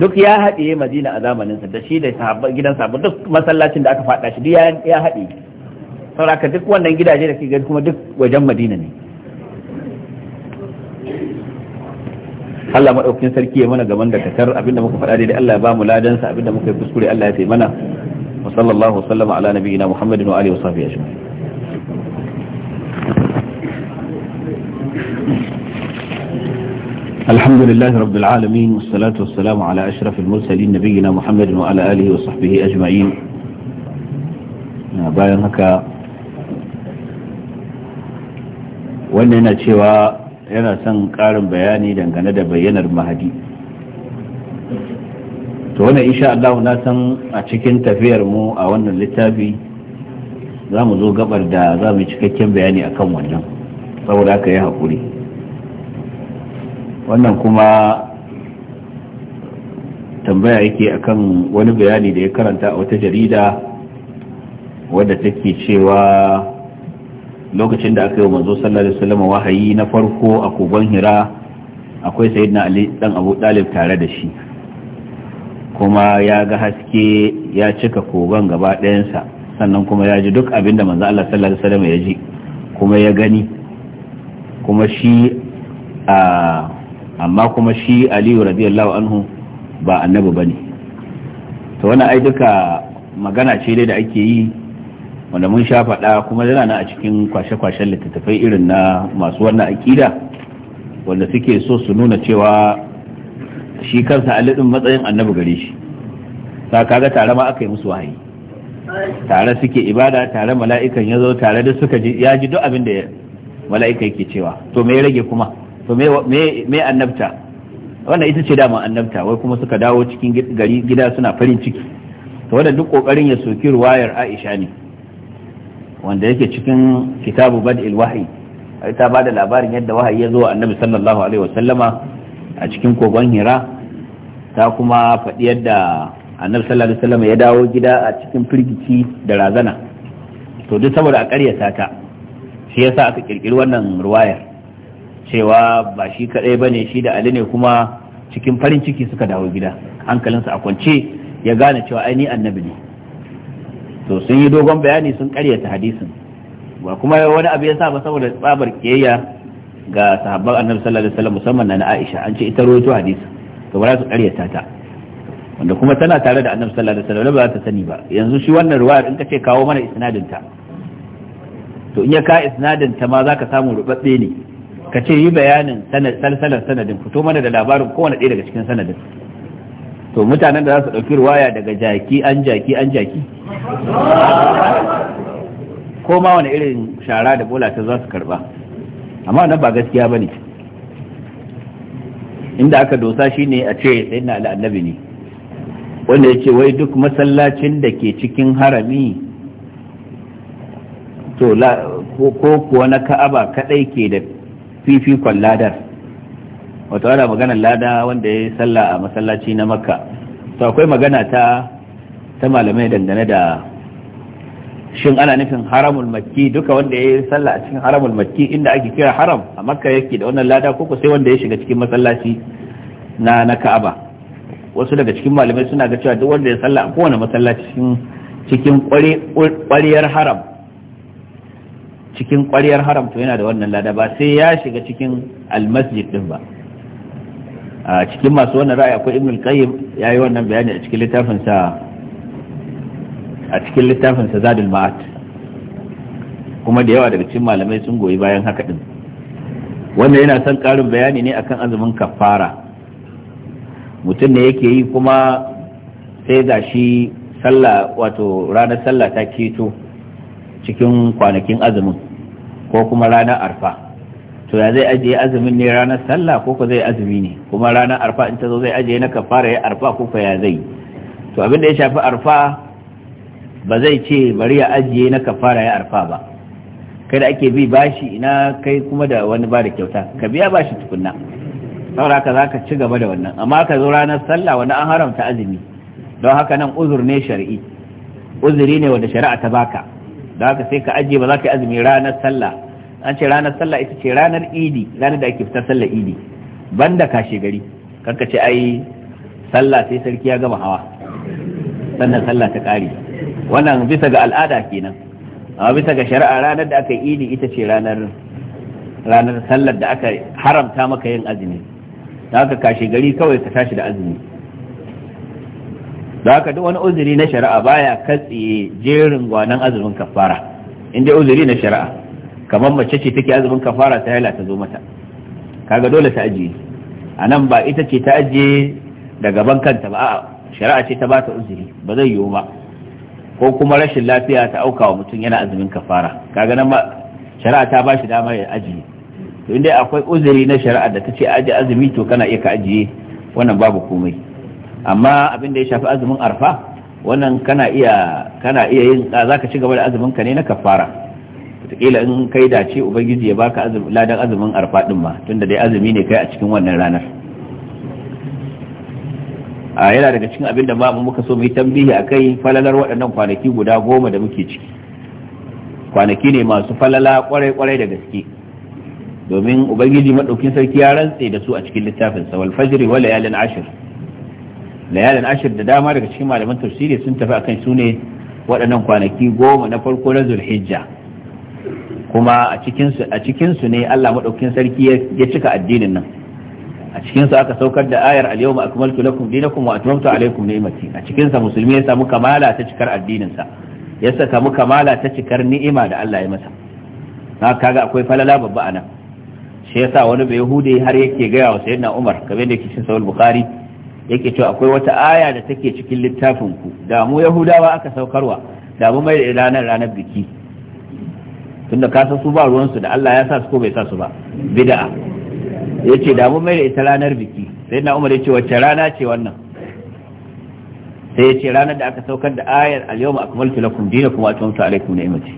S2: duk ya haɗe madina a zamaninsa da shi da gidan sabu duk masallacin da aka faɗa shi duk ya haɗe sauraka duk wannan gidaje da ke gani kuma duk wajen madina ne Allah maɗaukin sarki ya mana gaban da katar abinda muka faɗa daidai Allah ya ba mu ladansa abinda muka yi kuskure Allah ya sai mana wa sallallahu wa sallama ala nabiyina Muhammadin wa alihi wa sahbihi ajma'in الحمد لله رب العالمين والصلاة والسلام على أشرف المرسلين نبينا محمد وعلى آله وصحبه أجمعين bayan haka wannan yana cewa yana son ƙarin bayani dangane da bayyanar mahadi to wannan insha Allah na san a cikin tafiyar mu a wannan littafi za mu zo gabar da za mu yi cikakken bayani akan wannan saboda haka yi haƙuri wannan kuma tambaya yake akan wani bayani da ya karanta a wata jarida wadda take cewa lokacin da aka yi wa manzo sallallahu alaihi wasallam wahayi na farko a kogon hira akwai sayyidina ali dan abu dalib tare da shi kuma ya ga haske ya cika kogon gaba ɗayansa sannan kuma ya ji duk abin da manzo Allah sallallahu alaihi wasallam ya ji kuma ya gani kuma shi a amma kuma shi aliyu radiyallahu anhu ba annabi ne. Ta wani ai duka magana ce dai da ake yi wanda mun sha faɗa kuma yana na a cikin kwashe-kwashen littattafai irin na masu wannan aƙida wanda suke so su nuna cewa shi kansa alidin matsayin annabi gare shi ta kaga tare ma aka yi musu wahayi tare suke ibada tare mala'ikan ya zo tare da suka ya ji duk abin da mala'ika yake cewa to me rage kuma to me annabta wannan ita ce dama annabta wai kuma suka dawo cikin gari gida suna farin ciki to wannan duk kokarin ya soki ruwayar Aisha ne wanda yake cikin kitabu bad'il wahyi ta bada labarin yadda wahayi ya zo annabi sallallahu alaihi wasallama a cikin kogon hira ta kuma faɗi yadda annabi sallallahu alaihi wasallama ya dawo gida a cikin firgici da razana to duk saboda a ƙaryata ta shi yasa aka kirkiri wannan ruwayar cewa ba shi kadai bane shi da ali ne kuma cikin farin ciki suka dawo gida hankalinsa a kwance ya gane cewa ai ni annabi ne to sun yi dogon bayani sun karyata hadisin ba kuma wani abu ya sa ba saboda tsabar kiyayya ga sahabban annabi sallallahu alaihi wasallam musamman na Aisha an ce ita rawaito hadisi to ba za su karyata ta wanda kuma tana tare da annabi sallallahu alaihi wasallam ba za ta sani ba yanzu shi wannan ruwa in ka ce kawo mana isnadin ta to in ya ka isnadin ta ma zaka samu rubabbe ne ka ce yi bayanin salsalar sanadin fito mana da labarin kowane ɗaya daga cikin sanadin to mutanen da za su ɗauki ruwaya daga jaki an jaki an jaki ko ma wani irin shara da bola ta za su karba amma wani ba gaskiya ba ne inda aka dosa shi ne a ce sai na al'annabi ne wanda ya ce wai duk masallacin da ke cikin harami to ko kuwa na ka'aba kadai ke da fifikon ladar wato ana maganar lada wanda ya yi sallah a masallaci na makka to akwai magana ta ta malamai dangane da shin ana nufin haramul makki duka wanda ya yi sallah a cikin haramul makki inda ake kira haram a makka yake da wannan lada ko sai wanda ya shiga cikin masallaci na na ka'aba wasu daga cikin malamai suna ga cewa duk wanda ya sallah a kowane masallaci cikin kwariyar haram cikin ƙwariyar haram to yana da wannan lada ba sai ya shiga cikin almasjid din ba a cikin masu wannan ra'ayi akwai ibn al-qayyim yayi wannan bayani a cikin littafin sa a cikin littafin sa zadul ma'at kuma da yawa daga cikin malamai sun goyi bayan haka din Wannan yana son karin bayani ne akan azumin kafara mutum ne yake yi kuma sai gashi sallah wato ranar sallah ta keto cikin kwanakin azumin ko kuma ranar arfa to ya zai ajiye azumin ne ranar sallah ko ko zai azumi ne kuma ranar arfa in ta zo zai ajiye na kafara ya arfa ko ko ya zai to abin da ya shafi arfa ba zai ce bari ya ajiye na kafara ya arfa ba kai da ake bi bashi ina kai kuma da wani ba da kyauta ka biya bashi tukunna saboda haka za ka ci gaba da wannan amma ka zo ranar sallah wani an haramta azumi don haka nan uzur ne shar'i uzuri ne wanda shari'a ta baka da haka sai ka ajiye ba za ka yi azumi ranar sallah an ce ranar sallah ita ce ranar idi ranar da ake fitar sallar idi banda kashe gari karka ce ai sallah sai sarki ya gama hawa sannan sallah ta kare wannan bisa ga al'ada kenan amma bisa ga shari'a ranar da aka yi idi ita ce ranar ranar sallar da aka haramta maka yin azumi da haka kashe gari kawai ka tashi da azumi da haka duk wani uzuri na shari'a baya katse jerin gwanan azumin kafara in dai uzuri na shari'a kamar mace ce take azumin kafara ta haila ta zo mata kaga dole ta ajiye a nan ba ita ce ta ajiye da gaban kanta ba a'a shari'a ce ta bata uzuri ba zai yiwu ba ko kuma rashin lafiya ta auka wa mutum yana azumin kafara kaga nan ma shari'a ta ba shi dama ya ajiye to in dai akwai uzuri na shari'a da ta ce aje azumi to kana iya ka ajiye wannan babu komai amma abin da ya shafi azumin arfa wannan kana iya kana iya yin za ka ci gaba da azumin ka ne na kafara wataƙila in kai dace ubangiji ya baka ladan azumin arfa din ma tunda dai azumi ne kai a cikin wannan ranar a yana daga cikin abin da mu muka so mu yi tambihi akai falalar waɗannan kwanaki guda goma da muke ciki kwanaki ne masu falala kwarai-kwarai da gaske domin ubangiji maɗaukin sarki ya rantse da su a cikin littafin sawal fajr wal layalin ashir layalin ashir da dama daga cikin malaman tafsiri sun tafi akan su ne waɗannan kwanaki goma na farko na zulhijja kuma a cikinsu ne Allah maɗaukin sarki ya cika addinin nan a cikinsu aka saukar da ayar al-yawma akmaltu lakum dinakum wa atmamtu alaykum ni'mati a cikinsa musulmi ya samu kamala ta cikar addininsa ya samu kamala ta cikar ni'ima da Allah ya masa na kaga akwai falala babba a nan shi yasa wani bai hude har yake gaya wa sayyidina Umar kamar da yake cikin sahih Bukhari yake to akwai wata aya da take cikin littafin ku da mu yahudawa aka saukarwa da mu mai ranar ranar biki tunda ka san su ba ruwansu da Allah ya sa su ko bai sa su ba bid'a yace da mu mai da ita ranar biki sai na Umar yace wacce rana ce wannan sai yace ranar da aka saukar da ayar al-yawma akmaltu lakum dinakum wa atamtu alaykum ni'mati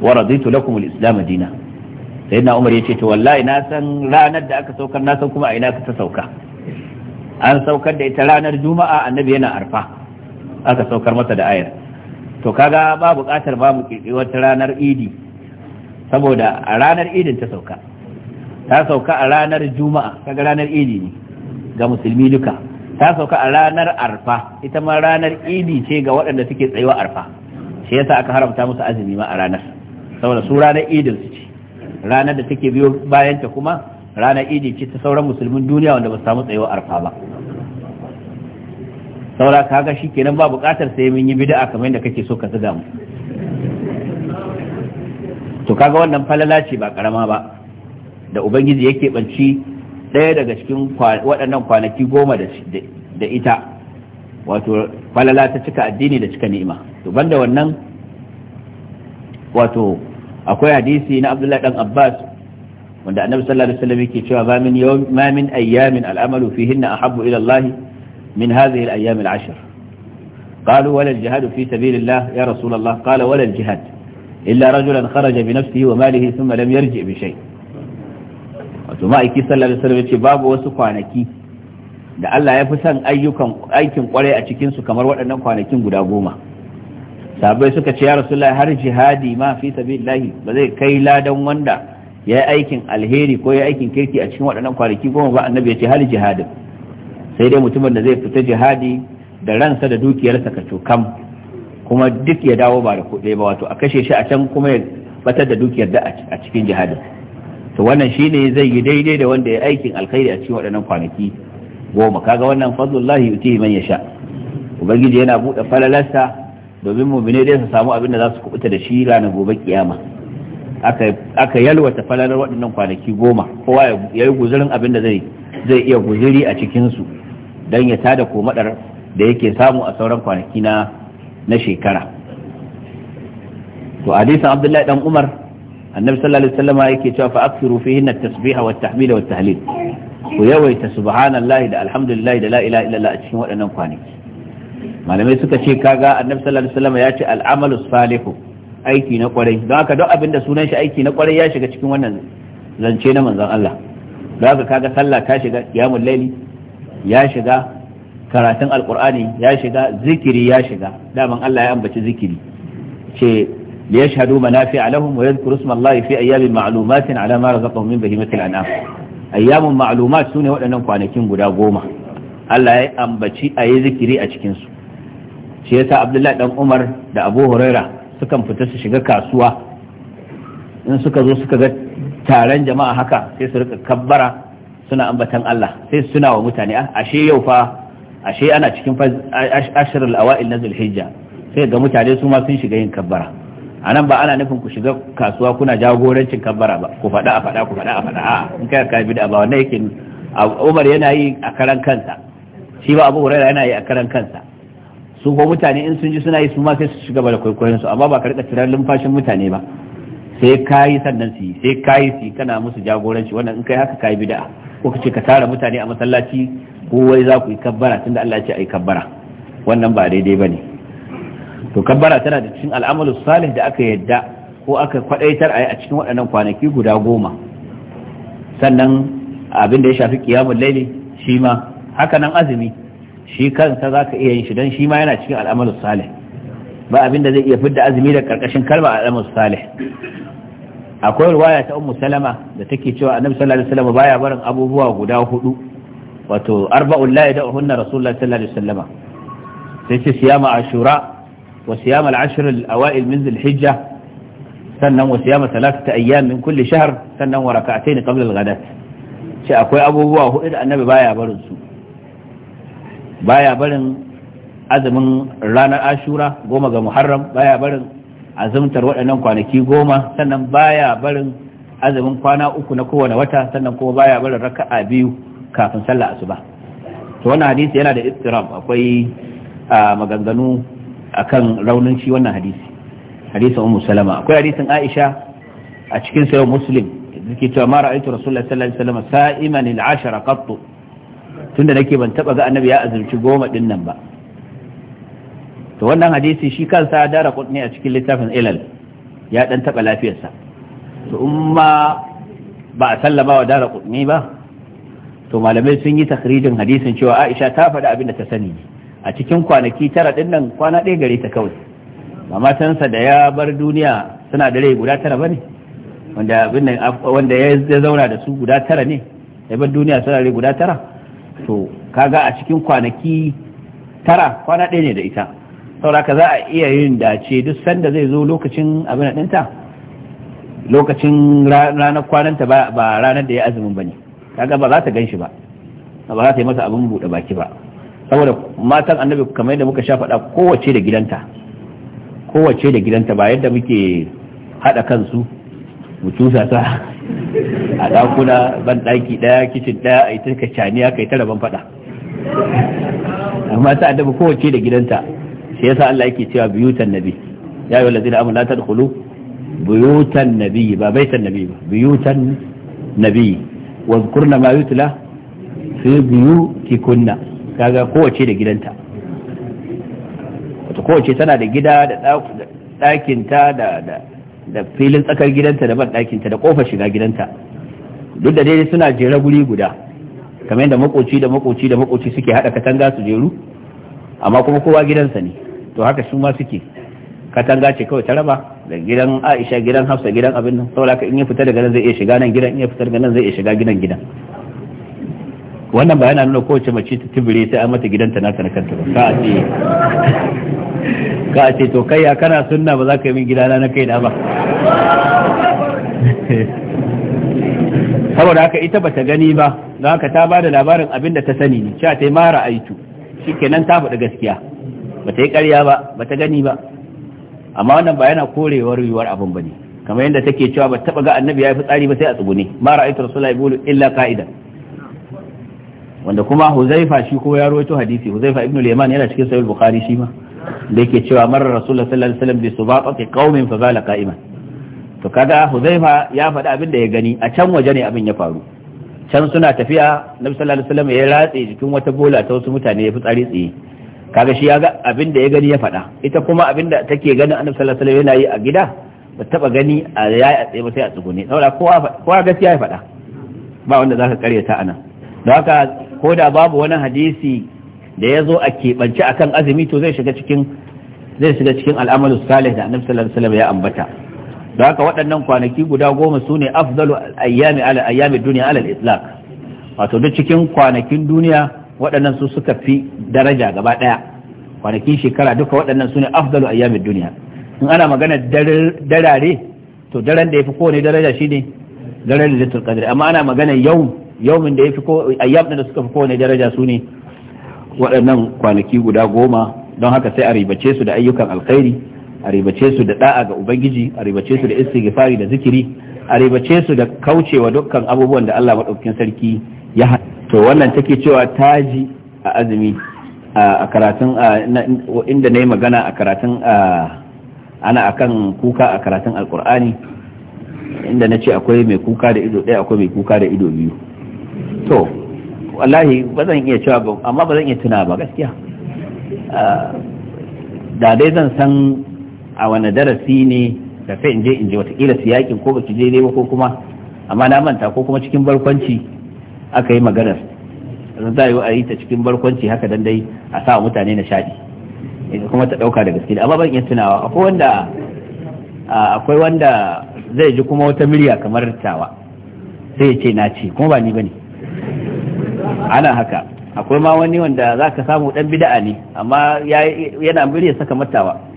S2: wa raditu lakum al-islam dinan sai na Umar yace to wallahi na san ranar da aka saukar na san kuma a ina ka ta sauka an saukar da ita ranar juma'a annabi yana arfa aka saukar masa da ayar to kaga ba buƙatar ba mu wata ranar idi saboda a ranar idin ta sauka ta sauka a ranar juma'a kaga ranar idi ne ga musulmi duka ta sauka a ranar arfa ita ma ranar idi ce ga waɗanda suke tsayuwa arfa shi yasa aka haramta musu azumi ma a ranar saboda su ranar idin su ce ranar da take biyo bayanta kuma ranar idi ce ta sauran musulmin duniya wanda ba su samu tsayuwar arfa ba saura kaga shi kenan ba buƙatar sai mun yi bid'a kamar yadda kake so ka zuga mu to kaga wannan falala ce ba karama ba da ubangiji yake banci ɗaya daga cikin waɗannan kwanaki goma da ita wato falala ta cika addini da cika ni'ima to banda wannan wato akwai hadisi na abdullahi dan abbas wanda annabi sallallahu alaihi wasallam yake cewa ba min yawm ma min ayyamin al'amalu fihinna ahabbu ila Allah min hadhihi al-ayyam al-ashr قالوا ولا الجهاد في سبيل الله يا رسول الله قال ولا الجهاد إلا رجلا خرج بنفسه وماله ثم لم يرجع بشيء wato ma'aiki sallallahu alaihi wasallam babu wasu kwanaki da Allah ya fi son ayyukan aikin kwarai a cikin su kamar waɗannan kwanakin guda goma sabai suka ce ya rasulullahi har jihadi ma fi sabilillahi ba zai kai ladan wanda ya yi aikin alheri ko ya yi aikin kirki a cikin waɗannan kwanaki goma ba annabi ya ce hali jihadin sai dai mutumin da zai fita jihadi da ransa da dukiyarsa ka cokam kuma duk ya dawo ba da kuɗi ba wato a kashe shi a can kuma ya batar da dukiyar da a cikin jihadin to wannan shine zai yi daidai da wanda ya aikin alkhairi a cikin waɗannan kwanaki goma kaga wannan fadlullahi yutihi man yasha ubangiji yana buɗe falalarsa domin mu bine dai su samu abin da za su kubuta da shi ranar gobe kiyama aka yalwata falalar waɗannan kwanaki goma kowa ya yi guzurin abin da zai iya guziri a cikinsu don ya tada komadar da yake samu a sauran kwanaki na shekara to hadisin abdullahi dan umar annabi sallallahu alaihi wasallam yake cewa fa aksiru fihinna tasbiha wa tahmida wa tahlil ku yawaita subhanallahi da alhamdulillahi da la ilaha illallah a cikin waɗannan kwanaki malamai suka ce kaga annabi sallallahu alaihi wasallam ya ce al'amalu salihu aiki na kwarai don haka duk abin da sunan shi aiki na kwarai ya shiga cikin wannan zance na manzon Allah don haka kaga sallah ta shiga yamun laili ya shiga karatun alkur'ani ya shiga zikiri ya shiga daman Allah ya ambaci zikiri ce liyashhadu manafi'a lahum wa yadhkuru isma Allah fi ayyamin ma'lumatin ala ma razaqahum min bahimatil an'am ayyamun ma'lumat sune waɗannan kwanakin guda goma Allah ya ambaci a yi zikiri a cikinsu shi yasa Abdullahi dan Umar da Abu Huraira sukan fita su shiga kasuwa in suka zo suka ga taron jama'a haka sai su rika kabbara suna ambatan Allah sai suna wa mutane ah, ashe yau fa ashe ana cikin ashirar awa'il na zulhijja sai ga mutane su ma sun shiga yin kabbara a nan ba ana nufin ku shiga kasuwa kuna jagorancin kabbara ba ku faɗa a faɗa ku faɗa a faɗa a ah, in kai ka bida ba wannan yake Umar yana yi a karan kansa shi ba Abu Hurairah yana yi a karan kansa su ko mutane in sun ji suna yi su ma sai su shiga da kwaikwayon su amma ba ka rika tirar lumfashin mutane ba sai kayi sannan su yi sai kayi su yi kana musu jagoranci wannan in kai haka kayi bid'a ko ka ce ka tara mutane a masallaci ko wai za ku yi kabbara tunda Allah ya ce ai kabbara wannan ba daidai bane to kabbara tana da cikin al'amalu salih da aka yadda ko aka kwadaitar a a cikin waɗannan kwanaki guda goma sannan abin da ya shafi qiyamul laili shi ma haka nan azumi shi kansa za ka iya yin shi don shi ma yana cikin al'amalu salih ba abin da zai iya fidda azumi da karkashin kalma al'amalu salih akwai ruwaya ta ummu salama da take cewa annabi sallallahu alaihi wasallam baya barin abubuwa guda hudu wato arba'ul la yad'uhunna rasulullah sallallahu alaihi wasallam sai ce siyama ashura wa siyama al-ashr al-awail min dhil-hijja sannan wa siyama thalathata ayyam min kulli shahr sannan wa rak'atayn qabla al-ghadat sai akwai abubuwa hudu da annabi baya barin su baya barin azumin ranar ashura goma ga muharram baya barin azumtar waɗannan kwanaki goma sannan baya barin azumin kwana uku na kowane wata sannan kuma baya barin raka'a biyu kafin sallah asuba to wannan hadisi yana da istirab akwai maganganu akan raunin shi wannan hadisi hadisin ummu salama akwai hadisin aisha a cikin sayo muslim yake cewa ma ra'aytu rasulullahi sallallahu alaihi wasallam sa'iman al-ashara qattu tunda nake ban taba ga annabi ya azurci goma din nan ba to wannan hadisi shi kansa dara kudni a cikin littafin ilal ya dan taba lafiyarsa to umma ba a sallama wa dara kudni ba to malamai sun yi takhrijin hadisin cewa Aisha ta faɗi abin da ta sani a cikin kwanaki tara din nan kwana ɗaya gare ta kawai ba matansa da ya bar duniya suna da rai guda tara bane wanda wanda ya zauna da su guda tara ne ya bar duniya suna da rai guda tara to kaga a cikin kwanaki tara kwana ɗaya ne da ita sauraka za a iya yin dace duk sanda zai zo lokacin abin ɗinta lokacin ranar kwananta ba ranar da ya azumin ba ne kaga ba za ta gan shi ba ba za ta yi masa abin buɗe baki ba saboda matan annabi kamar yadda muka sha faɗa kowace da gidanta kowace da gidanta ba yadda muke haɗa kansu mu cusa ta a ɗakuna ban ɗaki ɗaya kicin ɗaya a yi ta caniya kai ta ban faɗa amma ta annabi kowace da gidanta shi yasa Allah yake cewa buyutan nabi ya yi wallazi da amina ta dukulu buyutan nabi ba baitan nabi ba buyutan nabi wa kurna ma yutla fi biyu ki kunna kaga kowace da gidanta wato kowace tana da gida da ɗakinta da da filin tsakar gidanta da ban ɗakinta da ƙofar shiga gidanta duk da dai suna jera guri guda kamar yadda makoci da makoci da makoci suke haɗa katanga su jeru amma kuma kowa gidansa ne to haka su ma suke katanga ce kawai ta raba da gidan Aisha gidan Hafsa gidan abin nan saboda in ya fita daga nan zai iya shiga nan gidan in ya fita daga nan zai iya shiga gidan gidan wannan ba yana nuna kowace mace ta tibire sai an mata gidanta nata na kanta ba ka a ce ka a ce to kai ya kana sunna ba za ka yi min gidana na kai na ba saboda haka ita bata gani ba don haka ta ba da labarin abin da ta sani ne cewa ta mara aitu kenan ta faɗi gaskiya bata yi ƙarya ba bata gani ba amma wannan ba yana korewar yiwuwar abin ba ne kamar yadda take cewa ba taɓa ga annabi ya yi fitsari ba sai a tsugune mara aitu rasulullahi bulu illa ka'ida wanda kuma huzaifa shi kuma ya rawaito hadisi huzaifa ibnu liman yana cikin sahih bukhari shi ma da yake cewa marar rasulullahi sallallahu alaihi wasallam bi subaqati qaumin fa bala qa'iman to kaga huzaifa ya faɗi abin da ya gani a can waje ne abin ya faru can suna tafiya na sallallahu alaihi ya ratse jikin wata bola ta wasu mutane ya fitsari tsaye kaga shi ya ga abin da ya gani ya faɗa ita kuma abin da take ganin annabi sallallahu alaihi wasallam yana yi a gida ba taba gani a yayi a tsaye ba sai a tsugune saboda kowa gaskiya ya faɗa ba wanda zaka karyata anan don haka ko da babu wani hadisi da ya zo a keɓance akan azumi to zai shiga cikin zai shiga cikin al'amalus salih da annabi sallallahu alaihi wasallam ya ambata da haka waɗannan kwanaki guda goma su ne afdalu ayyami ala ayyami duniya ala al islam wato duk cikin kwanakin duniya waɗannan su suka fi daraja gaba ɗaya kwanakin shekara duka waɗannan su ne afdalu ayyami duniya in ana magana darare to daren da ya fi kowane daraja shi ne daren da zai qadr amma ana magana yau yaumin da ya fi ayyam da suka fi kowane daraja su ne waɗannan kwanaki guda goma don haka sai a ribace su da ayyukan alkhairi a ribace su da da'a ga ubangiji a ribace su da istighfari da zikiri a ribace su da kaucewa dukkan abubuwan da Allah madaukakin sarki ya to wannan take cewa taji a azumi a karatun inda na yi magana a karatun ana akan kuka a karatun alkur'ani inda na ce akwai mai kuka da ido ɗaya akwai mai kuka da ido biyu to wallahi ba zan iya cewa ba amma ba zan iya tuna ba gaskiya da dai zan san a wani darasi ne da sai in je in je watakila su yakin ko baki je ba ko kuma amma na manta ko kuma cikin barkwanci aka yi maganar za yi a yi ta cikin barkwanci haka dan dai a sa mutane na shaɗi eh, kuma ta ɗauka da gaske amma ban iya tunawa akwai wanda akwai wanda zai ji kuma wata murya kamar tawa sai ya ce na ce kuma ba ni bane ana haka akwai ma wani wanda za ka samu dan bida'a ne amma yana murya saka matawa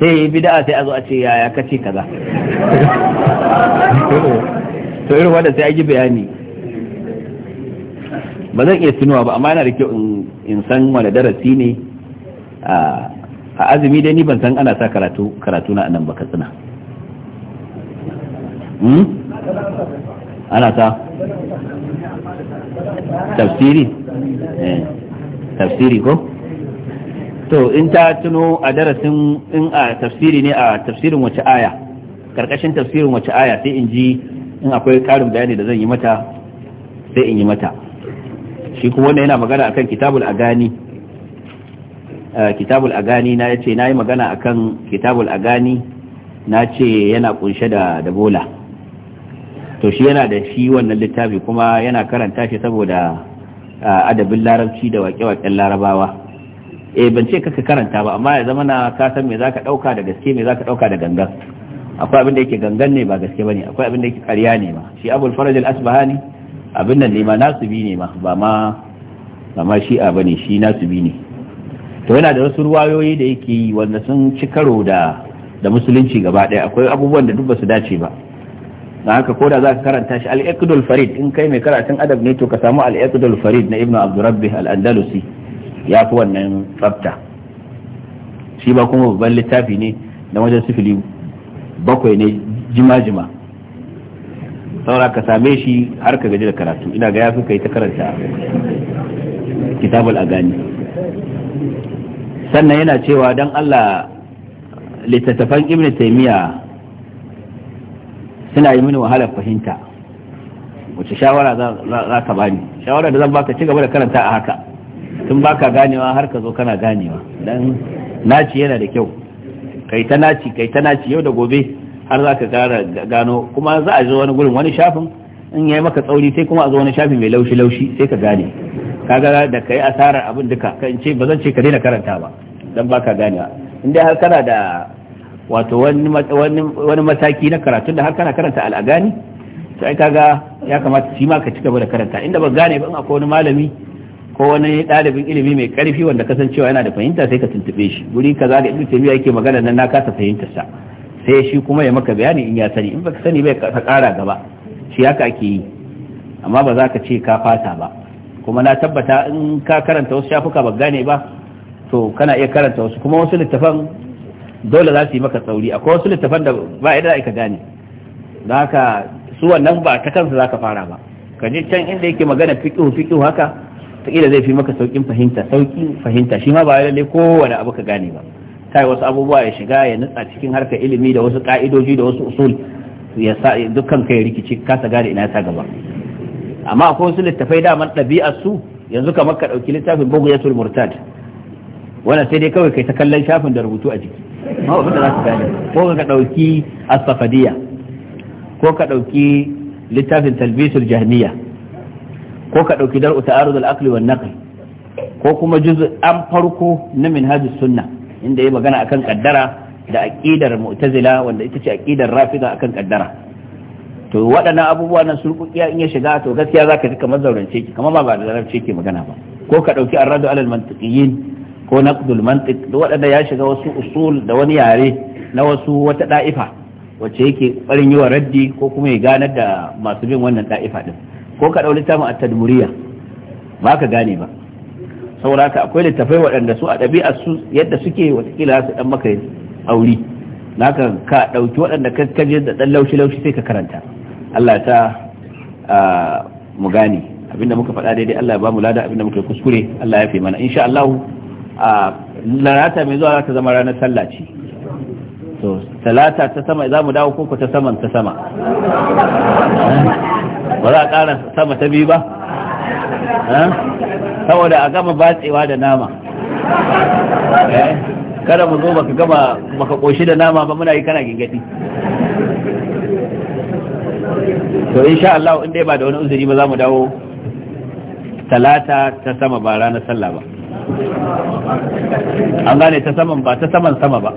S2: sai yi bida'a sai a zo a ce yaya kace kaza to irin wanda sai a yi bayani ba zan iya sinuwa ba amma yana da kyau in san wani darasi ne a azumi dai ni ban san ana sa karatu karatu na anan ba katsina hmm? ana sa
S3: tafsiri eh, tafsiri ko
S2: to in ta tuno a darasin in a tafsiri ne a tafsirin wace aya karkashin tafsirin wace aya sai in ji in akwai karin bayani da zan yi mata sai in yi mata shi kuma wannan yana magana akan kitabul agani eh, kitabul agani na yace nayi magana akan kitabul agani na ce yana kunshe da da bola to shi yana da shi wannan littafi kuma yana karanta shi saboda eh, adabin larabci da waƙe-waƙen larabawa eh ban ce kaka karanta ba amma ya zama na ka san me zaka dauka da gaske me zaka dauka da gangan akwai abin da yake gangan ne ba gaske bane akwai abin da yake ƙarya ne ma shi abul faraj al asbahani abin nan ne ma nasubi ne ma ba ma ba ma shi'a bane shi nasubi ne to yana da wasu ruwayoyi da yake yi wanda sun ci karo da da musulunci gaba ɗaya akwai abubuwan da duk ba su dace ba dan haka ko da za ka karanta shi al-iqdul farid in kai mai karatun adab ne to ka samu al-iqdul farid na ibnu abdurrabbih al-andalusi ya fi wannan tsafta shi ba kuma babban littafi ne na wajen sifili bakwai ne jima-jima saura ka same shi har ka gaji da karatu ina ga fi kai ta karanta kitabul agani sannan yana cewa don allah littattafan ibn taimiyya suna yi mini wahalar fahimta wace shawara za ka bani shawara da zan baka ci gaba da karanta a haka tun baka ganewa har ka zo kana ganewa dan naci yana da kyau kai ta naci kai ta naci yau da gobe har za ka gara gano kuma za a zo wani gurin wani shafin in yayi maka tsauri sai kuma a zo wani shafi mai laushi laushi sai ka gane kaga da kai asarar abin duka kan ce ba zan ce ka daina karanta ba dan baka ganewa in dai har kana da wato wani wani mataki na karatu da har kana karanta al'agani sai kaga ya kamata shi ma ka ci gaba da karanta inda ba gane ba in akwai wani malami ko wani ɗalibin ilimi mai ƙarfi wanda kasancewa yana da fahimta sai ka tuntube shi guri kaza da ibnu taymiya yake magana nan na kasa fahimtar sa sai shi kuma ya maka bayani in ya sani in baka sani bai ka ƙara gaba shi haka ake yi amma ba za ka ce ka fata ba kuma na tabbata in ka karanta wasu shafuka ba gane ba to kana iya karanta wasu kuma wasu littafan dole za su yi maka tsauri akwai wasu littafan da ba yadda ka gane da haka su wannan ba ta kansu za ka fara ba ka je can inda yake magana fiƙihu fiƙihu haka taƙila zai fi maka sauƙin fahimta sauƙin fahimta shi ma ba lalle kowane abu ka gane ba kai wasu abubuwa ya shiga ya nutsa cikin harkar ilimi da wasu ka'idoji da wasu usul ya sa dukkan kai rikici kasa gane ina sa gaba amma akwai wasu littafai daman ɗabi'a su yanzu kamar ka ɗauki littafin bugiyatul murtad wannan sai dai kawai kai ta kallon shafin da rubutu a jiki ma abin da za su gane ko ka ɗauki asfafadiya ko ka ɗauki littafin talbisul jahmiya ko ka ɗauki dar ta'arud al-aqli wan naqli ko kuma juz'an farko na minhajus sunna inda yayi magana akan kaddara da aqidar mu'tazila wanda ita ce aqidar rafida akan kaddara to waɗannan abubuwa na surkukiya in ya shiga to gaskiya zaka ji kamar zaurance ki kamar ba ba da larabci ke magana ba ko ka ɗauki arradu alal ko naqdul mantiq da waɗanda ya shiga wasu usul da wani yare na wasu wata da'ifa wacce yake ƙoƙarin yi wa raddi ko kuma ya ganar da masu bin wannan da'ifa din ko ka ɗau littafin a tadmuriya ba ka gane ba saboda haka akwai littafai waɗanda su a ɗabi'ar su yadda suke watakila su ɗan maka auri naka ka ɗauki waɗanda ka kaje da ɗan laushi laushi sai ka karanta Allah ta mu gane abinda muka faɗa daidai Allah ya ba mu lada abinda muka kuskure Allah ya fi mana insha Allah larata mai zuwa za ta zama ranar sallah ce to talata ta sama za mu dawo koko ta saman ta sama ba za a ƙara sama ta biyu ba saboda a gama batsewa da nama eh? kada mu zo baka gama baka ƙoshi da nama ba muna yi kana gingadi to insha Allah in dai ba da wani uzuri ba za mu dawo talata ta sama ba ranar sallah ba an gane ta saman ba ta saman sama ba